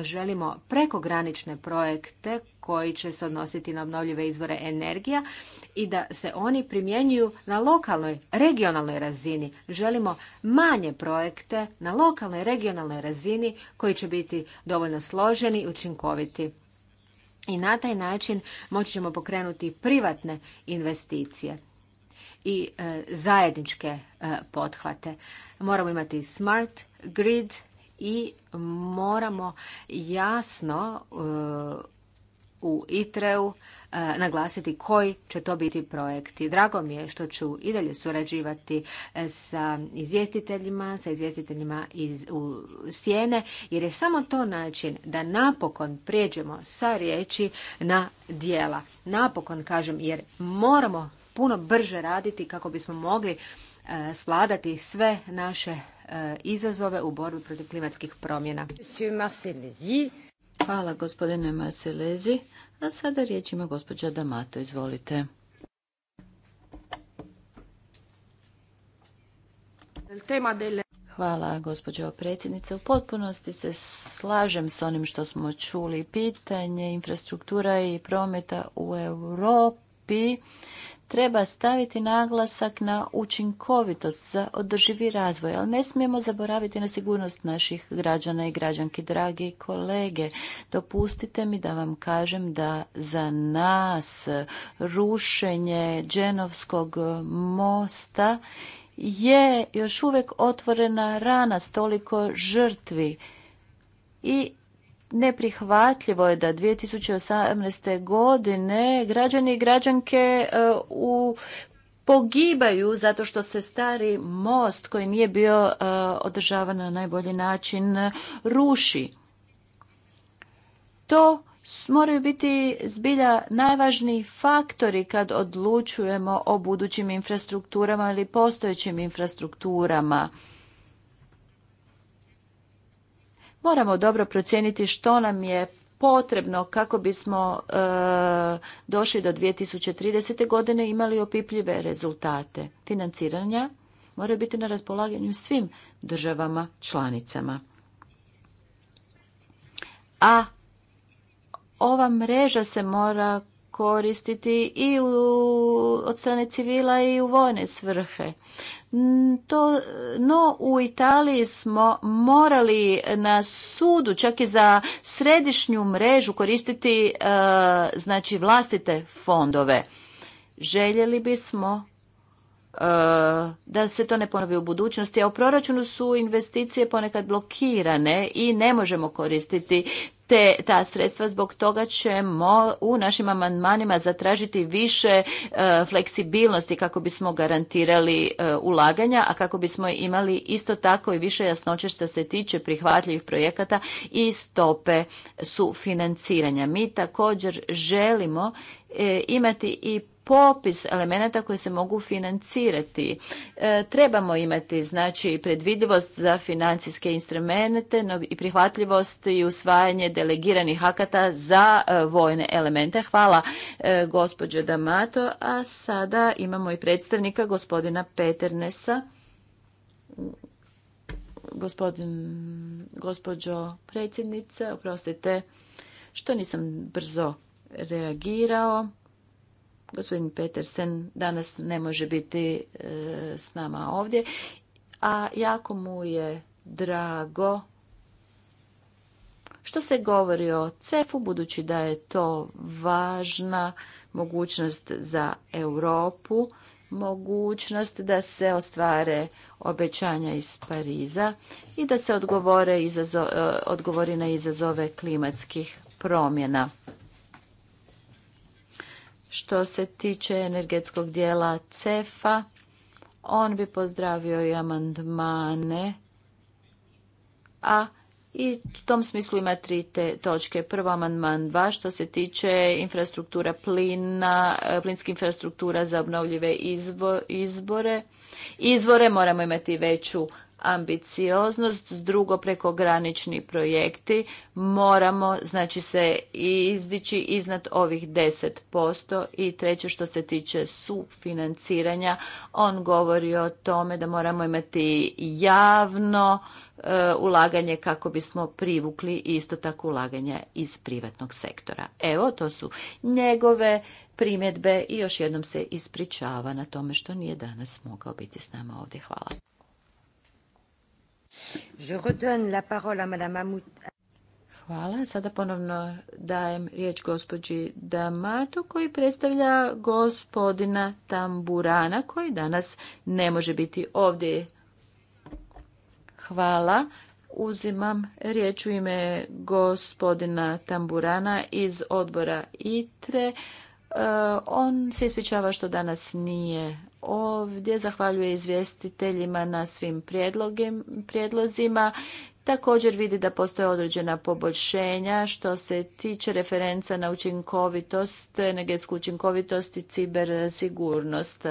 e, želimo prekogranične projekte koji će se odnositi na obnovljive izvore energija i da se oni primjenjuju na lokalnoj, regionalnoj razini. Želimo manje projekte na lokalnoj, regionalnoj razini koji će biti dovoljno složeni i učinkoviti. I na taj način moći ćemo pokrenuti privatne investicije i e, zajedničke e, pothvate. Moramo imati smart grid i moramo jasno e, u ITREU e, naglasiti koji će to biti projekti. Drago mi je što ću i dalje surađivati e, sa izvjestiteljima, sa izvjestiteljima iz u Sjene, jer je samo to način da napokon prijeđemo sa riječi na dijela. Napokon kažem, jer moramo puno brže raditi kako bismo mogli svladati sve naše E, izazove u borbi protiv klimatskih promjena. Hvala gospodine Marcelezi. A sada riječ ima gospođa Damato, izvolite. Hvala gospođo predsjednice. U potpunosti se slažem s onim što smo čuli. Pitanje infrastruktura i prometa u Europi treba staviti naglasak na učinkovitost za održivi razvoj, ali ne smijemo zaboraviti na sigurnost naših građana i građanki. Dragi kolege, dopustite mi da vam kažem da za nas rušenje Dženovskog mosta je još uvijek otvorena rana s toliko žrtvi i Neprihvatljivo je da 2018. godine građani i građanke e, u pogibaju zato što se stari most koji nije bio e, održavan na najbolji način e, ruši. To moraju biti zbilja najvažniji faktori kad odlučujemo o budućim infrastrukturama ili postojećim infrastrukturama. Moramo dobro procijeniti što nam je potrebno kako bismo e, došli do 2030. godine imali opipljive rezultate. Financiranja moraju biti na raspolaganju svim državama članicama. A ova mreža se mora koristiti i u, od strane civila i u vojne svrhe. To, no, u Italiji smo morali na sudu, čak i za središnju mrežu, koristiti e, znači vlastite fondove. Željeli bismo e, da se to ne ponovi u budućnosti, a u proračunu su investicije ponekad blokirane i ne možemo koristiti te ta sredstva zbog toga ćemo u našim amandmanima zatražiti više e, fleksibilnosti kako bismo garantirali e, ulaganja a kako bismo imali isto tako i više jasnoće što se tiče prihvatljivih projekata i stope sufinanciranja mi također želimo e, imati i popis elemenata koji se mogu financirati. E, trebamo imati znači predvidljivost za financijske instrumente i prihvatljivost i usvajanje delegiranih akata za e, vojne elemente. Hvala e, gospođo Damato, a sada imamo i predstavnika gospodina Peternesa. Gospodin, gospođo predsjednice, oprostite što nisam brzo reagirao. Gospodin Petersen danas ne može biti e, s nama ovdje, a jako mu je drago što se govori o CEF-u, budući da je to važna mogućnost za Europu, mogućnost da se ostvare obećanja iz Pariza i da se odgovore, izazo, e, odgovori na izazove klimatskih promjena. Što se tiče energetskog dijela CEFA, on bi pozdravio i amandmane, a i u tom smislu ima tri te točke. Prvo amandman dva. što se tiče infrastruktura plina, e, plinska infrastruktura za obnovljive izvore. izbore. Izvore moramo imati veću ambicioznost, drugo prekogranični projekti moramo znači se izdići iznad ovih 10% i treće što se tiče sufinanciranja on govori o tome da moramo imati javno e, ulaganje kako bismo privukli isto tako ulaganja iz privatnog sektora. Evo to su njegove primjedbe i još jednom se ispričava na tome što nije danas mogao biti s nama ovdje. Hvala. Hvala. Sada ponovno dajem riječ gospođi Damatu koji predstavlja gospodina Tamburana koji danas ne može biti ovdje. Hvala. Uzimam riječ u ime gospodina Tamburana iz odbora ITRE E, on se ispričava što danas nije ovdje. Zahvaljuje izvjestiteljima na svim prijedlozima Također vidi da postoje određena poboljšenja što se tiče referenca na učinkovitost, energetsku učinkovitost i cibersigurnost.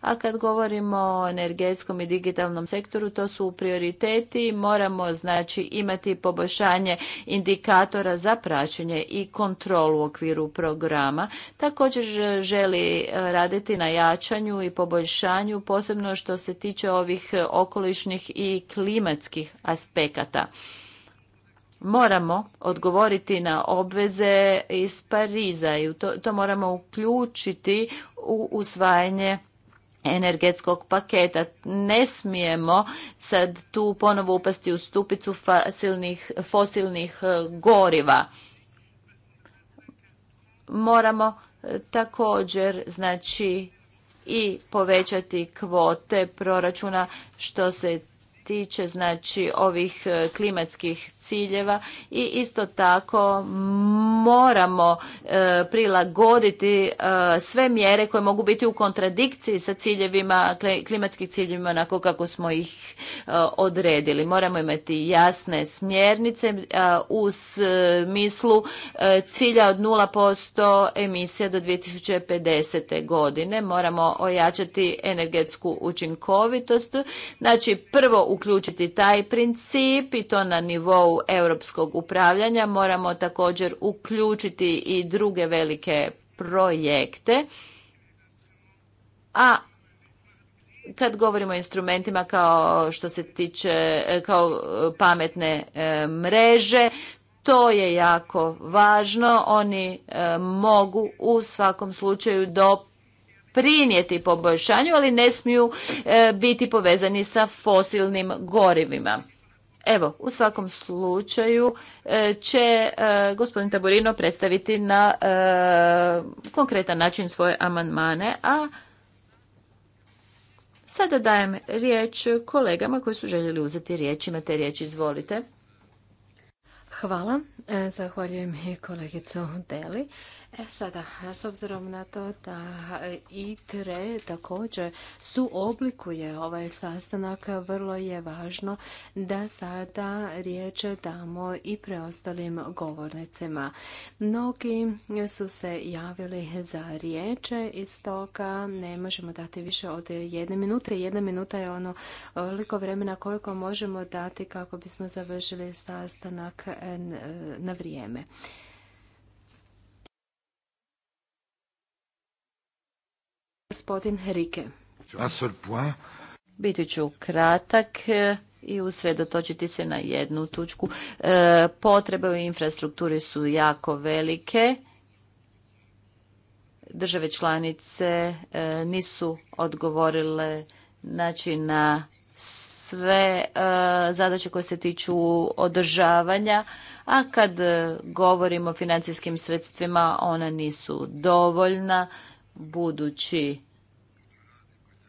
A kad govorimo o energetskom i digitalnom sektoru, to su prioriteti. Moramo znači imati poboljšanje indikatora za praćenje i kontrolu u okviru programa. Također želi e, raditi na jačanju i poboljšanju, posebno što se tiče ovih okolišnih i klimatskih aspekata. Moramo odgovoriti na obveze iz Pariza i to, to moramo uključiti u usvajanje energetskog paketa. Ne smijemo sad tu ponovo upasti u stupicu fosilnih, fosilnih e, goriva. Moramo e, također znači i povećati kvote proračuna što se tiče znači ovih e, klimatskih ciljeva i isto tako moramo e, prilagoditi e, sve mjere koje mogu biti u kontradikciji sa ciljevima klimatskih ciljevima onako kako smo ih odredili. Moramo imati jasne smjernice u smislu cilja od 0% emisija do 2050. godine. Moramo ojačati energetsku učinkovitost. Znači prvo u uključiti taj princip i to na nivou europskog upravljanja. Moramo također uključiti i druge velike projekte. A kad govorimo o instrumentima kao što se tiče kao pametne e, mreže, to je jako važno. Oni e, mogu u svakom slučaju do prinijeti poboljšanju, ali ne smiju e, biti povezani sa fosilnim gorivima. Evo, u svakom slučaju e, će e, gospodin Taborino predstaviti na konkretan način svoje amandmane, a sada dajem riječ kolegama koji su željeli uzeti riječ. Imate riječ, izvolite. Hvala. Zahvaljujem i kolegicu Deli. E sada, s obzirom na to da ITRE također suoblikuje ovaj sastanak, vrlo je važno da sada riječ damo i preostalim govornicima. Mnogi su se javili za riječe i stoga ne možemo dati više od jedne minute. Jedna minuta je ono veliko vremena koliko možemo dati kako bismo završili sastanak e, e, na vrijeme. Gospodin Rike. Biti ću kratak i usredotočiti se na jednu tučku. E, potrebe u infrastrukturi su jako velike. Države članice e, nisu odgovorile znači, na sve e, zadaće koje se tiču održavanja, a kad govorimo o financijskim sredstvima, ona nisu dovoljna budući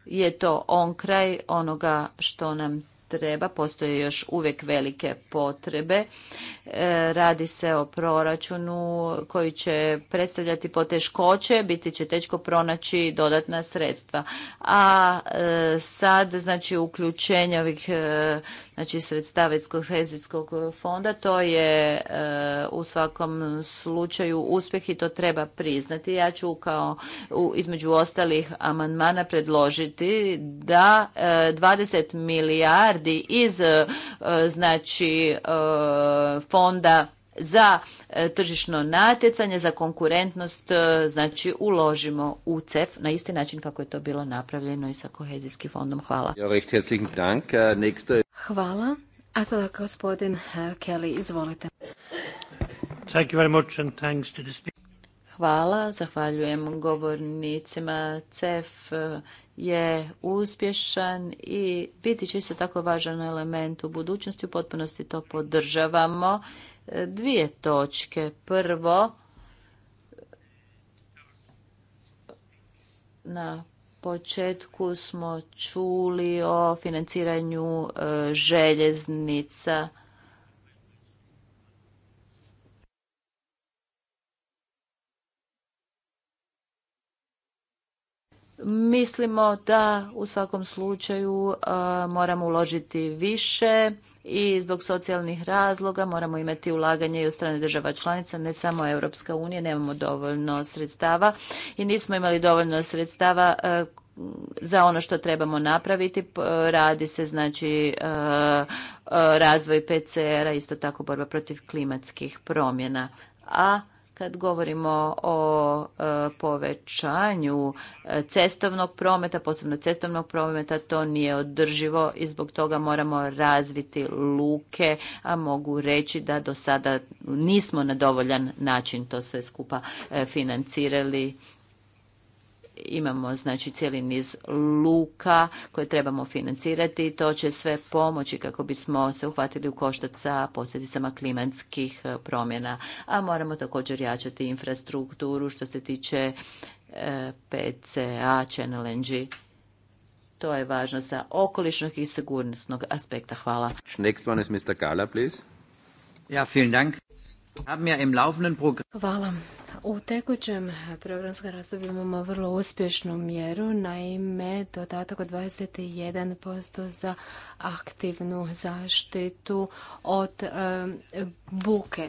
je to on kraj onoga što nam treba, postoje još uvijek velike potrebe. E, radi se o proračunu koji će predstavljati poteškoće, biti će teško pronaći dodatna sredstva. A e, sad, znači, uključenje ovih e, znači, sredstava iz kohezijskog fonda, to je u svakom slučaju uspjeh i to treba priznati. Ja ću kao između ostalih amandmana predložiti da 20 milijardi milijardi iz e, znači e, fonda za e, tržišno natjecanje, za konkurentnost, znači uložimo u CEF na isti način kako je to bilo napravljeno i sa kohezijskim fondom. Hvala. Äh, Hvala. A sada gospodin Kelly, izvolite. Hvala, zahvaljujem govornicima CEF je uspješan i biti će isto tako važan element u budućnosti. U potpunosti to podržavamo. E, dvije točke. Prvo, na početku smo čuli o financiranju e, željeznica Mislimo da u svakom slučaju e, moramo uložiti više i zbog socijalnih razloga moramo imati ulaganje i u strane država članica, ne samo Europska unija, nemamo dovoljno sredstava i nismo imali dovoljno sredstava e, za ono što trebamo napraviti. E, radi se znači razvoj PCR-a, isto tako borba protiv klimatskih promjena. A kad govorimo o e, povećanju e, cestovnog prometa, posebno cestovnog prometa, to nije održivo i zbog toga moramo razviti luke, a mogu reći da do sada nismo na dovoljan način to sve skupa e, financirali imamo znači cijeli niz luka koje trebamo financirati. To će sve pomoći kako bismo se uhvatili u koštac sa posljedicama klimatskih e, promjena. A moramo također jačati infrastrukturu što se tiče e, PCA, Channel NG. To je važno sa okolišnog i sigurnosnog aspekta. Hvala. Next one is Mr. Gala, please. Ja, vielen Dank. Hvala. U tekućem programskom razdoblju imamo vrlo uspješnu mjeru, naime dodatak od 21% za aktivnu zaštitu od eh, buke.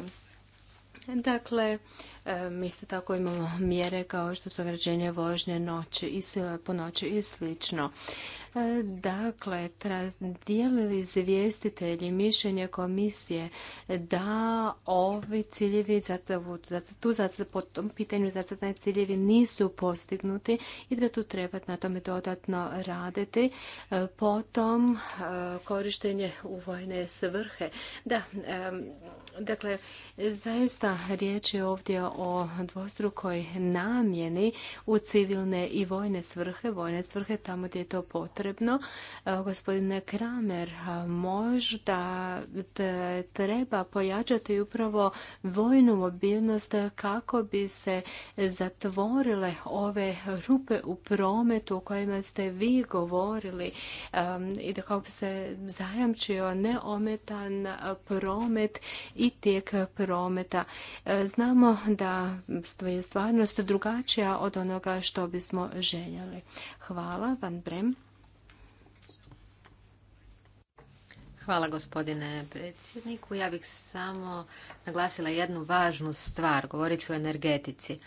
Dakle, e, mi isto tako imamo mjere kao što su ograđenje vožnje noći i po i slično. E, dakle, dijelili izvjestitelji mišljenje komisije da ovi ciljevi, tu po tom pitanju zacrtani ciljevi nisu postignuti i da tu treba na tome dodatno raditi. E, potom korištenje u vojne svrhe. Da, Dakle, zaista riječ je ovdje o dvostrukoj namjeni u civilne i vojne svrhe, vojne svrhe tamo gdje je to potrebno. E, Gospodine Kramer, možda treba pojačati upravo vojnu mobilnost kako bi se zatvorile ove rupe u prometu o kojima ste vi govorili e, i da kako bi se zajamčio neometan promet i tijek prometa. E, znamo da je stvarnost drugačija od onoga što bismo željeli. Hvala, Van Brem. Hvala gospodine predsjedniku. Ja bih samo naglasila jednu važnu stvar, govorit ću o energetici.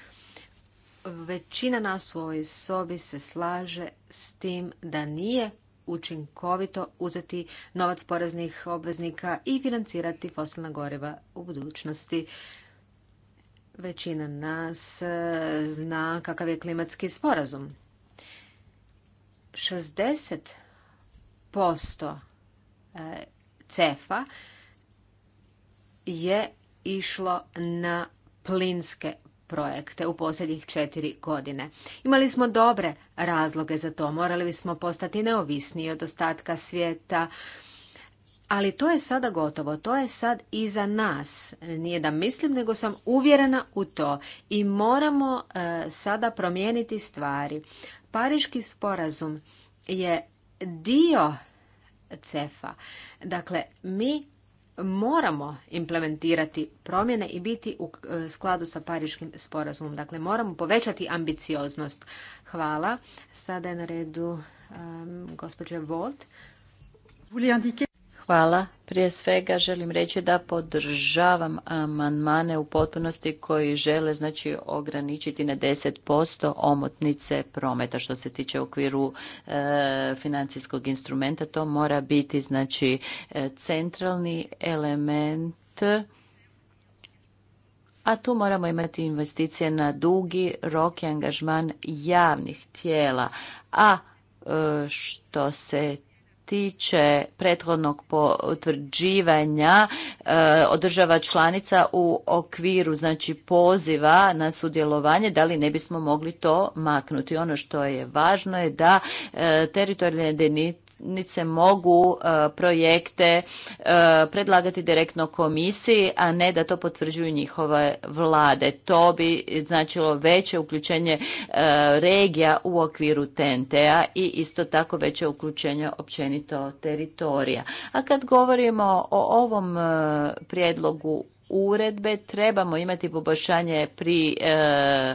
Većina nas u ovoj sobi se slaže s tim da nije učinkovito uzeti novac poreznih obveznika i financirati fosilna goriva u budućnosti. Većina nas e, zna kakav je klimatski sporazum. 60% e, cefa je išlo na plinske projekte u posljednjih četiri godine. Imali smo dobre razloge za to, morali bismo postati neovisniji od ostatka svijeta, ali to je sada gotovo, to je sad iza nas. Nije da mislim, nego sam uvjerena u to i moramo e, sada promijeniti stvari. Pariški sporazum je dio cefa. Dakle, mi moramo implementirati promjene i biti u e, skladu sa pariškim sporazumom. Dakle, moramo povećati ambicioznost. Hvala. Sada je na redu gospođa Volt. Hvala. Prije svega želim reći da podržavam amandmane u potpunosti koji žele znači ograničiti na 10% omotnice prometa što se tiče u okviru e, financijskog instrumenta. To mora biti znači e, centralni element a tu moramo imati investicije na dugi rok i angažman javnih tijela. A e, što se tiče prethodnog potvrđivanja e, održava država članica u okviru znači poziva na sudjelovanje, da li ne bismo mogli to maknuti. Ono što je važno je da e, teritorijalne zajednice mogu e, projekte e, predlagati direktno komisiji, a ne da to potvrđuju njihove vlade. To bi značilo veće uključenje e, regija u okviru TNT-a i isto tako veće uključenje općenito teritorija. A kad govorimo o ovom prijedlogu uredbe trebamo imati poboljšanje pri e,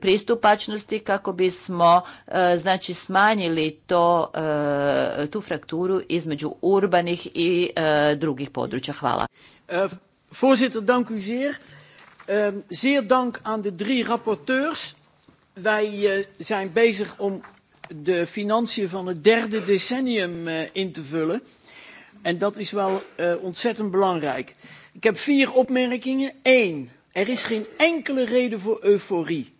pristupačnosti kako bismo e, znači smanjili to e, tu frakturu između urbanih i drugih područja hvala voorzitter dank u zeer zeer dank aan de drie rapporteurs wij zijn bezig om de financiën van het derde decennium in te vullen En dat is wel eh, ontzettend belangrijk. Ik heb vier opmerkingen. Eén, er is geen enkele reden voor euforie.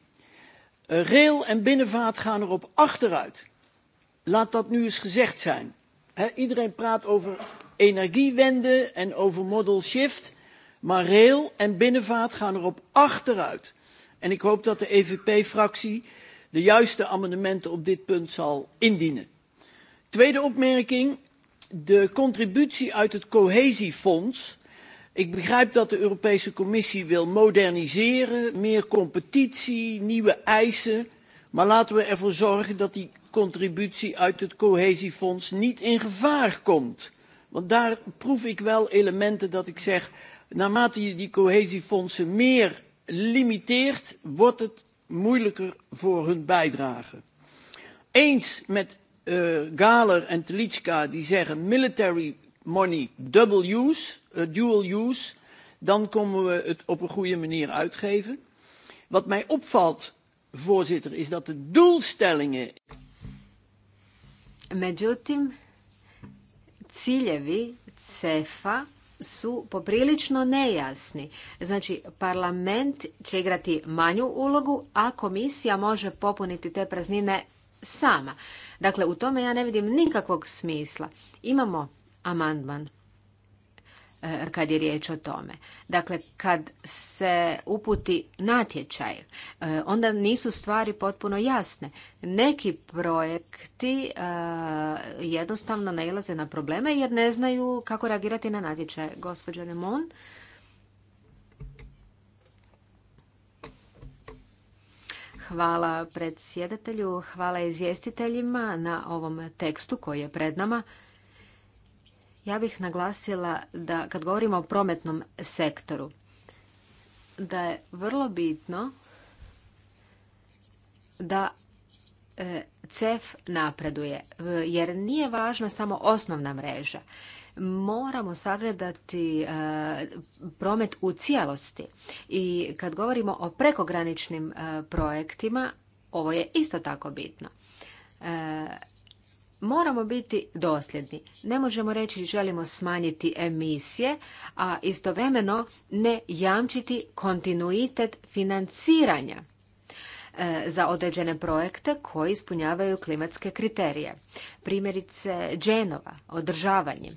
Uh, rail en binnenvaart gaan erop achteruit. Laat dat nu eens gezegd zijn. iedereen praat over energiewende en over model shift. Maar rail en binnenvaart gaan erop achteruit. En ik hoop dat de EVP-fractie de juiste amendementen op dit punt zal indienen. Tweede opmerking de contributie uit het cohesiefonds. Ik begrijp dat de Europese Commissie wil moderniseren, meer competitie, nieuwe eisen. Maar laten we ervoor zorgen dat die contributie uit het cohesiefonds niet in gevaar komt. Want daar proef ik wel elementen dat ik zeg, naarmate je die cohesiefondsen meer limiteert, wordt het moeilijker voor hun bijdrage. Eens met uh, eh, Galer en Telitschka die zeggen military money double use, eh, dual use, dan komen we het op een goede manier uitgeven. Wat mij opvalt, voorzitter, is dat de doelstellingen... Međutim, ciljevi CEFA su poprilično nejasni. Znači, parlament će igrati manju ulogu, a komisija može popuniti te praznine sama. Dakle, u tome ja ne vidim nikakvog smisla. Imamo amandman e, kad je riječ o tome. Dakle, kad se uputi natječaj, e, onda nisu stvari potpuno jasne. Neki projekti e, jednostavno nailaze na probleme jer ne znaju kako reagirati na natječaj. Gospođo Remon, Hvala predsjedatelju, hvala izvjestiteljima na ovom tekstu koji je pred nama. Ja bih naglasila da kad govorimo o prometnom sektoru, da je vrlo bitno da e, CEF napreduje, e, jer nije važna samo osnovna mreža moramo sagledati e, promet u cijelosti. I kad govorimo o prekograničnim e, projektima, ovo je isto tako bitno. E, moramo biti dosljedni. Ne možemo reći želimo smanjiti emisije, a istovremeno ne jamčiti kontinuitet financiranja za određene projekte koji ispunjavaju klimatske kriterije. Primjerice dženova, održavanje.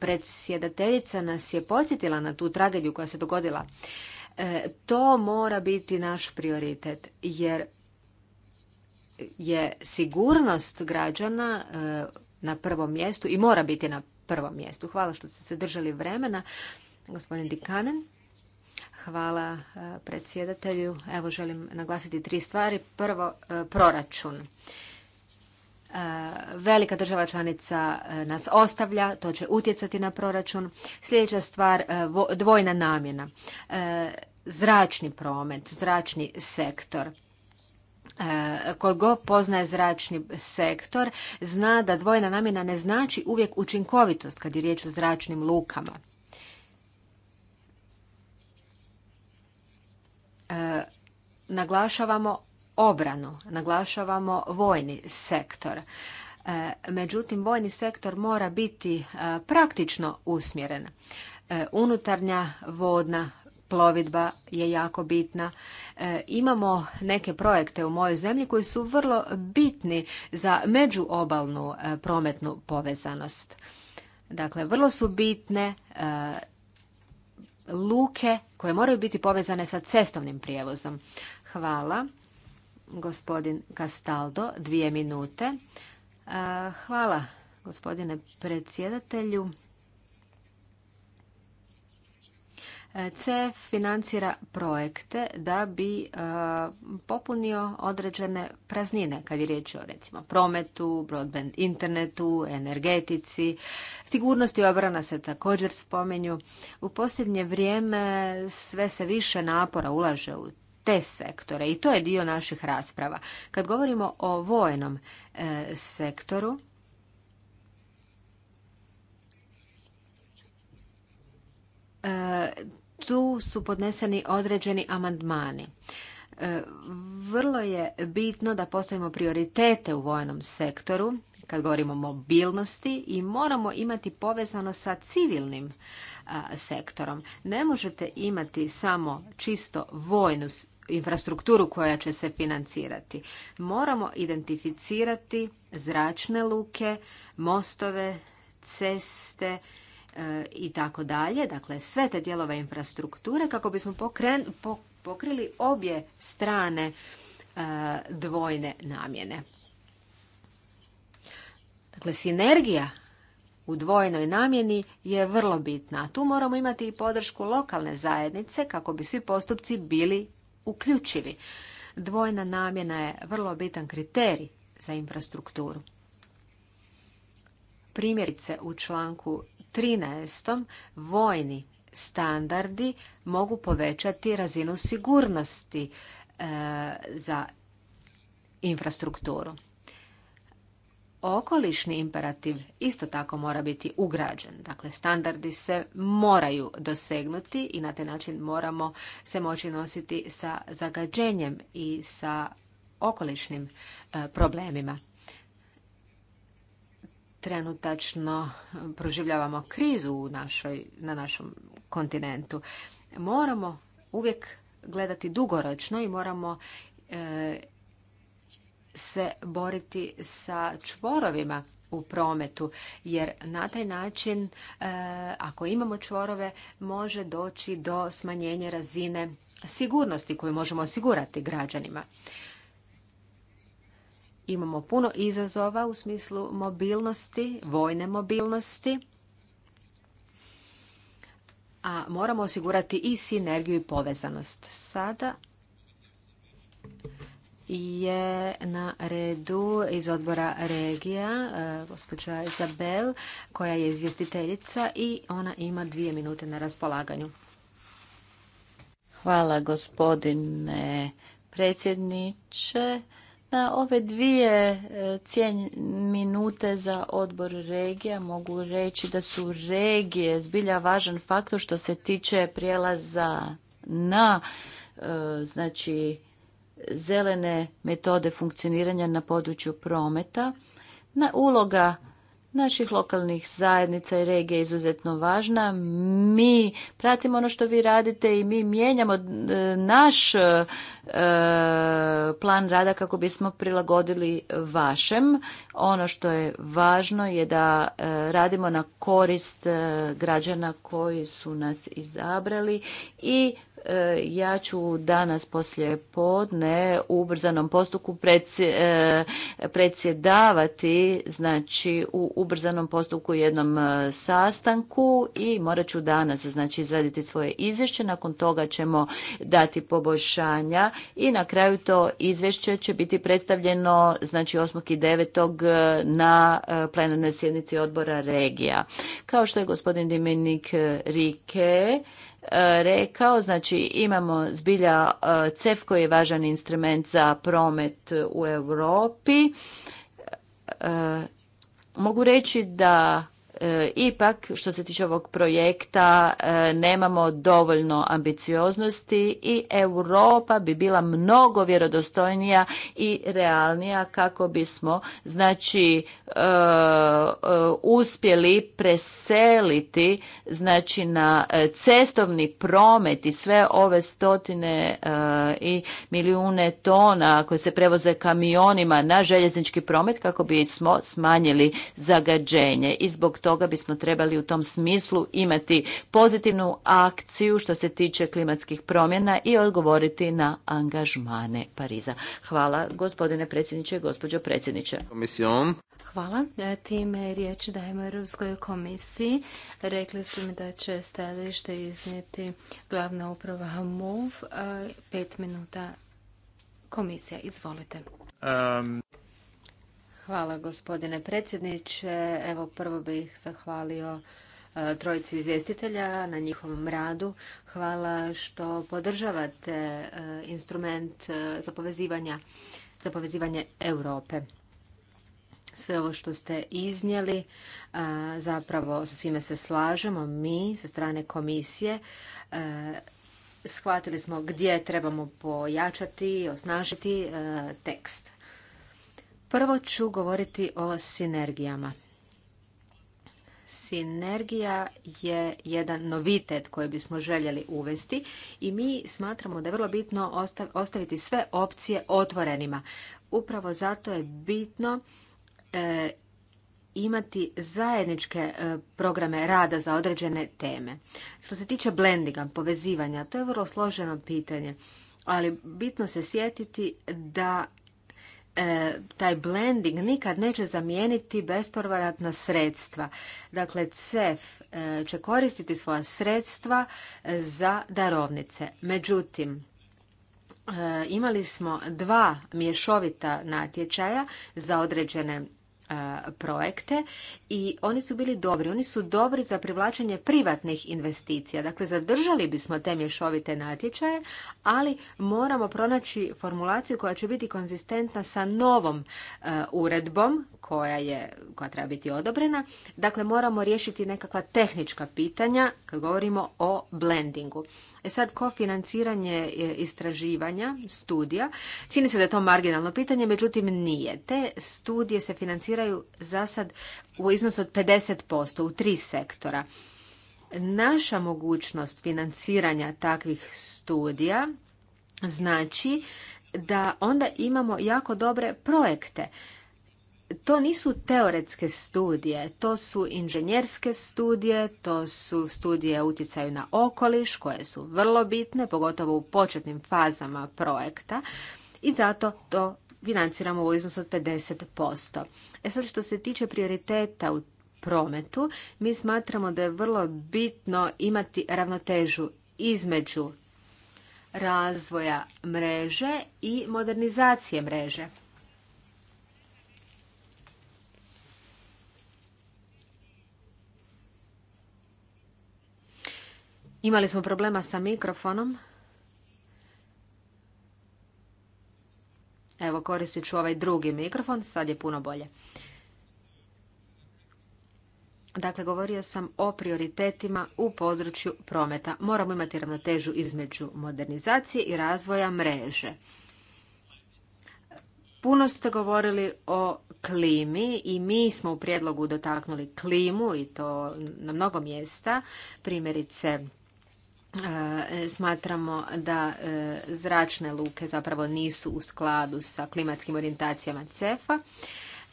Predsjedateljica nas je podsjetila na tu tragediju koja se dogodila. E, to mora biti naš prioritet jer je sigurnost građana e, na prvom mjestu i mora biti na prvom mjestu. Hvala što ste se držali vremena, gospodin Dikanen. Hvala e, predsjedatelju. Evo želim naglasiti tri stvari. Prvo, proračun. Eh, velika država članica eh, nas ostavlja, to će utjecati na proračun. Sljedeća stvar, eh, dvojna namjena. Zračni promet, zračni sektor. Kod poznaje zračni sektor, zna da dvojna namjena ne znači uvijek učinkovitost kad je riječ o zračnim lukama. Naglašavamo obranu, naglašavamo vojni sektor. E, međutim, vojni sektor mora biti e, praktično usmjeren. E, unutarnja vodna plovidba je jako bitna. imamo neke projekte u mojoj zemlji koji su vrlo bitni za međuobalnu prometnu povezanost. Dakle, vrlo su bitne luke koje moraju biti povezane sa cestovnim prijevozom. Hvala. Gospodin Castaldo, dvije minute. E, hvala gospodine predsjedatelju. E, CEF financira projekte da bi e, popunio određene praznine kad je riječ o recimo prometu, broadband internetu, energetici. sigurnosti i obrana se također spomenju. U posljednje vrijeme sve se više napora ulaže u sektore i to je dio naših rasprava. Kad govorimo o vojnom e, sektoru, e, tu su podneseni određeni amandmani. E, vrlo je bitno da postavimo prioritete u vojnom sektoru kad govorimo o mobilnosti i moramo imati povezano sa civilnim sektorom. Ne možete imati samo čisto vojnu infrastrukturu koja će se financirati. Moramo identificirati zračne luke, mostove, ceste e, i tako dalje, dakle sve te dijelove infrastrukture kako bismo pokren, pokrili obje strane e, dvojne namjene. Dakle, sinergija u dvojnoj namjeni je vrlo bitna. Tu moramo imati i podršku lokalne zajednice kako bi svi postupci bili uključivi. Dvojna namjena je vrlo bitan kriterij za infrastrukturu. Primjerice u članku 13. vojni standardi mogu povećati razinu sigurnosti e, za infrastrukturu. Okolišni imperativ isto tako mora biti ugrađen. Dakle, standardi se moraju dosegnuti i na taj način moramo se moći nositi sa zagađenjem i sa okolišnim e, problemima. Trenutačno proživljavamo krizu na našom kontinentu. Moramo uvijek gledati dugoročno i moramo e, se boriti sa čvorovima u prometu jer na taj način e, ako imamo čvorove može doći do smanjenja razine sigurnosti koju možemo osigurati građanima imamo puno izazova u smislu mobilnosti, vojne mobilnosti, a moramo osigurati i sinergiju i povezanost. Sada je na redu iz odbora regija, e, gospođa Izabel, koja je izvjestiteljica i ona ima dvije minute na raspolaganju. Hvala gospodine predsjedniče. Na ove dvije e, cijen minute za odbor regija mogu reći da su regije zbilja važan faktor što se tiče prijelaza na e, znači zelene metode funkcioniranja na području prometa. Na uloga naših lokalnih zajednica i regija je izuzetno važna. Mi pratimo ono što vi radite i mi mijenjamo e, naš e, plan rada kako bismo prilagodili vašem. Ono što je važno je da e, radimo na korist građana koji su nas izabrali i E, ja ću danas poslije podne u ubrzanom postupku e, predsjedavati znači u ubrzanom postupku jednom e, sastanku i morat ću danas znači izraditi svoje izvješće nakon toga ćemo dati poboljšanja i na kraju to izvješće će biti predstavljeno znači 8. i 9. na plenarnoj sjednici odbora regija kao što je gospodin dimenik Rike rekao, znači imamo zbilja eh, CEF koji je važan instrument za promet u Europi. Eh, mogu reći da E, ipak što se tiče ovog projekta e, nemamo dovoljno ambicioznosti i Europa bi bila mnogo vjerodostojnija i realnija kako bismo znači e, uspjeli preseliti znači na cestovni promet i sve ove stotine i milijune tona koje se prevoze kamionima na željeznički promet kako bismo smanjili zagađenje i zbog toga Stoga bismo trebali u tom smislu imati pozitivnu akciju što se tiče klimatskih promjena i odgovoriti na angažmane Pariza. Hvala gospodine predsjedniče, gospođo predsjedniče. Komisijom. Hvala. E, Time riječ dajemo Europskoj komisiji. Rekli su mi da će stajalište iznijeti glavna uprava MOV. E, pet minuta komisija. Izvolite. Hvala gospodine predsjedniče. Evo prvo bih zahvalio e, trojici izvjestitelja na njihovom radu. Hvala što podržavate e, instrument e, za povezivanje, Europe. Sve ovo što ste iznijeli, zapravo sa svime se slažemo, mi sa strane komisije, shvatili smo gdje trebamo pojačati, osnažiti tekst Prvo ću govoriti o sinergijama. Sinergija je jedan novitet koji bismo željeli uvesti i mi smatramo da je vrlo bitno ostaviti sve opcije otvorenima. Upravo zato je bitno e, imati zajedničke e, programe rada za određene teme. Što se tiče blendinga, povezivanja, to je vrlo složeno pitanje, ali bitno se sjetiti da e, taj blending nikad neće zamijeniti bespovratna sredstva. Dakle, CEF e, će koristiti svoja sredstva e, za darovnice. Međutim, e, imali smo dva mješovita natječaja za određene E, projekte i oni su bili dobri. Oni su dobri za privlačenje privatnih investicija. Dakle, zadržali bismo te mješovite natječaje, ali moramo pronaći formulaciju koja će biti konzistentna sa novom e, uredbom koja, je, koja treba biti odobrena. Dakle, moramo riješiti nekakva tehnička pitanja kad govorimo o blendingu. E sad, financiranje e, istraživanja, studija. Čini se da je to marginalno pitanje, međutim nije. Te studije se financiraju za sad u iznosu od 50% u tri sektora. Naša mogućnost financiranja takvih studija znači da onda imamo jako dobre projekte to nisu teoretske studije, to su inženjerske studije, to su studije utjecaju na okoliš koje su vrlo bitne, pogotovo u početnim fazama projekta i zato to financiramo u iznosu od 50%. E sad što se tiče prioriteta u prometu, mi smatramo da je vrlo bitno imati ravnotežu između razvoja mreže i modernizacije mreže. Imali smo problema sa mikrofonom. Evo, koristit ću ovaj drugi mikrofon, sad je puno bolje. Dakle, govorio sam o prioritetima u području prometa. Moramo imati ravnotežu između modernizacije i razvoja mreže. Puno ste govorili o klimi i mi smo u prijedlogu dotaknuli klimu i to na mnogo mjesta. Primjerice, E, smatramo da e, zračne luke zapravo nisu u skladu sa klimatskim orijentacijama CEFA.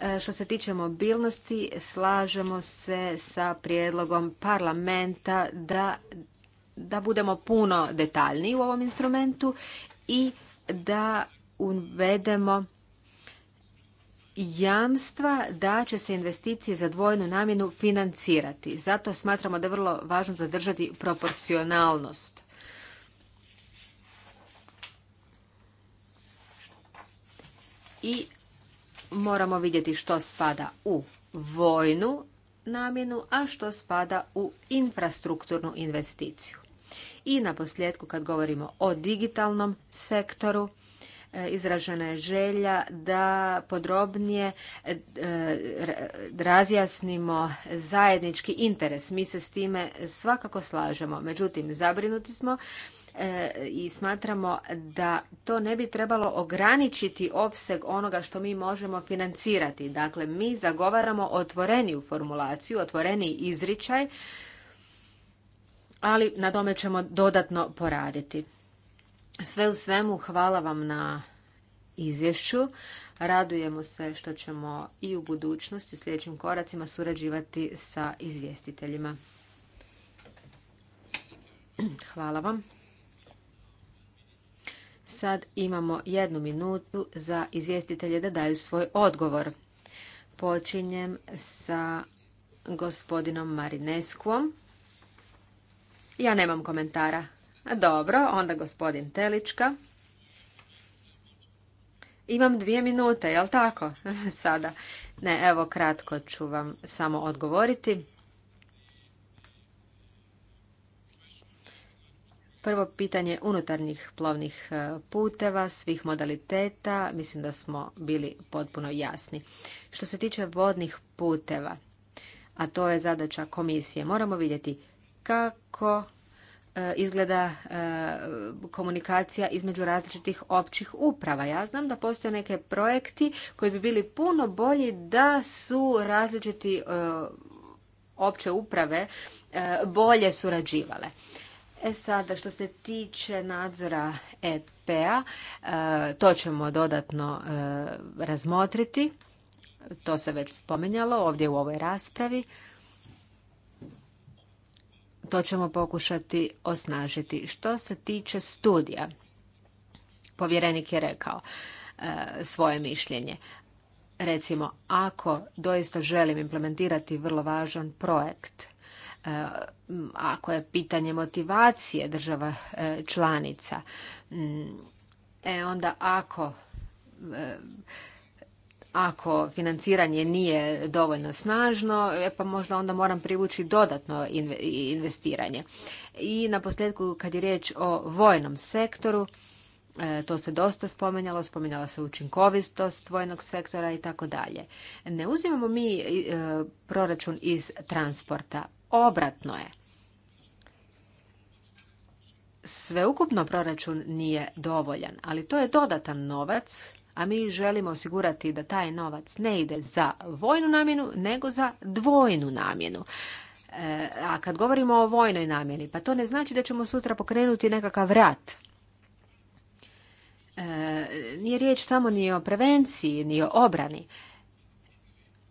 E, što se tiče mobilnosti, slažemo se sa prijedlogom parlamenta da, da budemo puno detaljniji u ovom instrumentu i da uvedemo jamstva da će se investicije za dvojnu namjenu financirati. Zato smatramo da je vrlo važno zadržati proporcionalnost. I moramo vidjeti što spada u vojnu namjenu, a što spada u infrastrukturnu investiciju. I na posljedku kad govorimo o digitalnom sektoru, izražena je želja da podrobnije e, razjasnimo zajednički interes. Mi se s time svakako slažemo, međutim zabrinuti smo e, i smatramo da to ne bi trebalo ograničiti opseg onoga što mi možemo financirati. Dakle, mi zagovaramo otvoreniju formulaciju, otvoreniji izričaj, ali na tome ćemo dodatno poraditi. Sve u svemu hvala vam na izvješću. Radujemo se što ćemo i u budućnosti u sljedećim koracima surađivati sa izvjestiteljima. Hvala vam. Sad imamo jednu minutu za izvjestitelje da daju svoj odgovor. Počinjem sa gospodinom Marineskom. Ja nemam komentara. Dobro, onda gospodin Telička. Imam dvije minute, jel tako? Sada. Ne, evo kratko ću vam samo odgovoriti. Prvo pitanje unutarnjih plovnih e, puteva, svih modaliteta, mislim da smo bili potpuno jasni. Što se tiče vodnih puteva, a to je zadaća komisije, moramo vidjeti kako E, izgleda e, komunikacija između različitih općih uprava. Ja znam da postoje neke projekti koji bi bili puno bolji da su različiti e, opće uprave bolje surađivale. E sada, što se tiče nadzora EPA, to ćemo dodatno razmotriti. To se već spominjalo ovdje u ovoj raspravi to ćemo pokušati osnažiti. Što se tiče studija, povjerenik je rekao e, svoje mišljenje. Recimo, ako doista želim implementirati vrlo važan projekt, e, ako je pitanje motivacije država e, članica, e onda ako ako financiranje nije dovoljno snažno, e, pa možda onda moram privući dodatno investiranje. I na posljedku kad je riječ o vojnom sektoru, e, to se dosta spomenjalo, spomenjala se učinkovitost vojnog sektora i tako dalje. Ne uzimamo mi e, proračun iz transporta, obratno je. Sveukupno proračun nije dovoljan, ali to je dodatan novac a mi želimo osigurati da taj novac ne ide za vojnu namjenu, nego za dvojnu namjenu. E, a kad govorimo o vojnoj namjeni, pa to ne znači da ćemo sutra pokrenuti nekakav rat. E, nije riječ samo ni o prevenciji, ni o obrani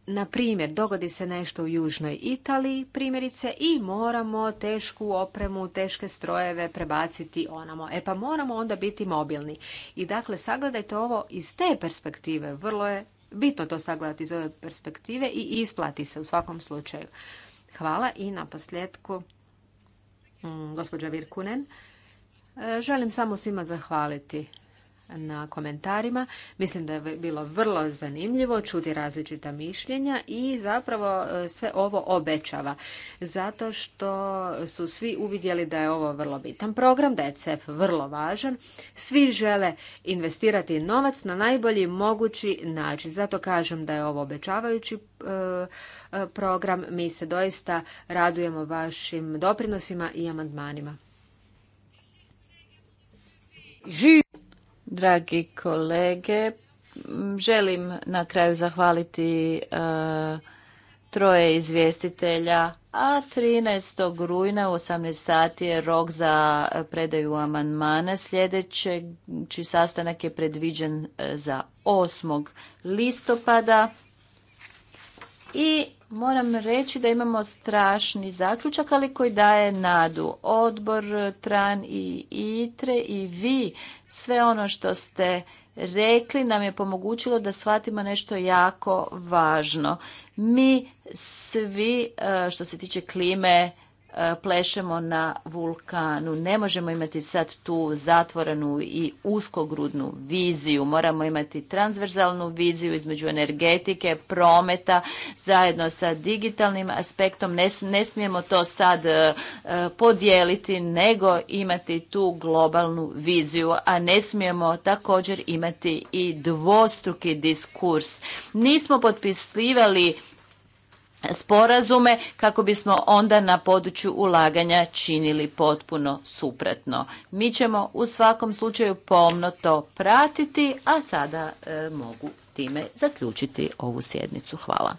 na primjer, dogodi se nešto u južnoj Italiji, primjerice, i moramo tešku opremu, teške strojeve prebaciti onamo. E pa moramo onda biti mobilni. I dakle, sagledajte ovo iz te perspektive. Vrlo je bitno to sagledati iz ove perspektive i isplati se u svakom slučaju. Hvala i na posljedku mm, gospođa Virkunen. E, želim samo svima zahvaliti na komentarima. Mislim da je bilo vrlo zanimljivo čuti različita mišljenja i zapravo e, sve ovo obećava. Zato što su svi uvidjeli da je ovo vrlo bitan program, da je CEF vrlo važan. Svi žele investirati novac na najbolji mogući način. Zato kažem da je ovo obećavajući e, e, program. Mi se doista radujemo vašim doprinosima i amandmanima. Dragi kolege, želim na kraju zahvaliti e, troje izvjestitelja, a 13. rujna u 18 sati je rok za predaju amandmana. Sljedeći sastanak je predviđen e, za 8. listopada i Moram reći da imamo strašni zaključak, ali koji daje nadu. Odbor, Tran i Itre i vi, sve ono što ste rekli nam je pomogućilo da shvatimo nešto jako važno. Mi svi, e, što se tiče klime, E, plešemo na vulkanu. Ne možemo imati sad tu zatvorenu i uskogrudnu viziju. Moramo imati transverzalnu viziju između energetike, prometa, zajedno sa digitalnim aspektom. Ne, ne smijemo to sad e, e, podijeliti, nego imati tu globalnu viziju, a ne smijemo također imati i dvostruki diskurs. Nismo potpisivali sporazume kako bismo onda na području ulaganja činili potpuno suprotno. Mi ćemo u svakom slučaju pomno to pratiti, a sada e, mogu time zaključiti ovu sjednicu. Hvala.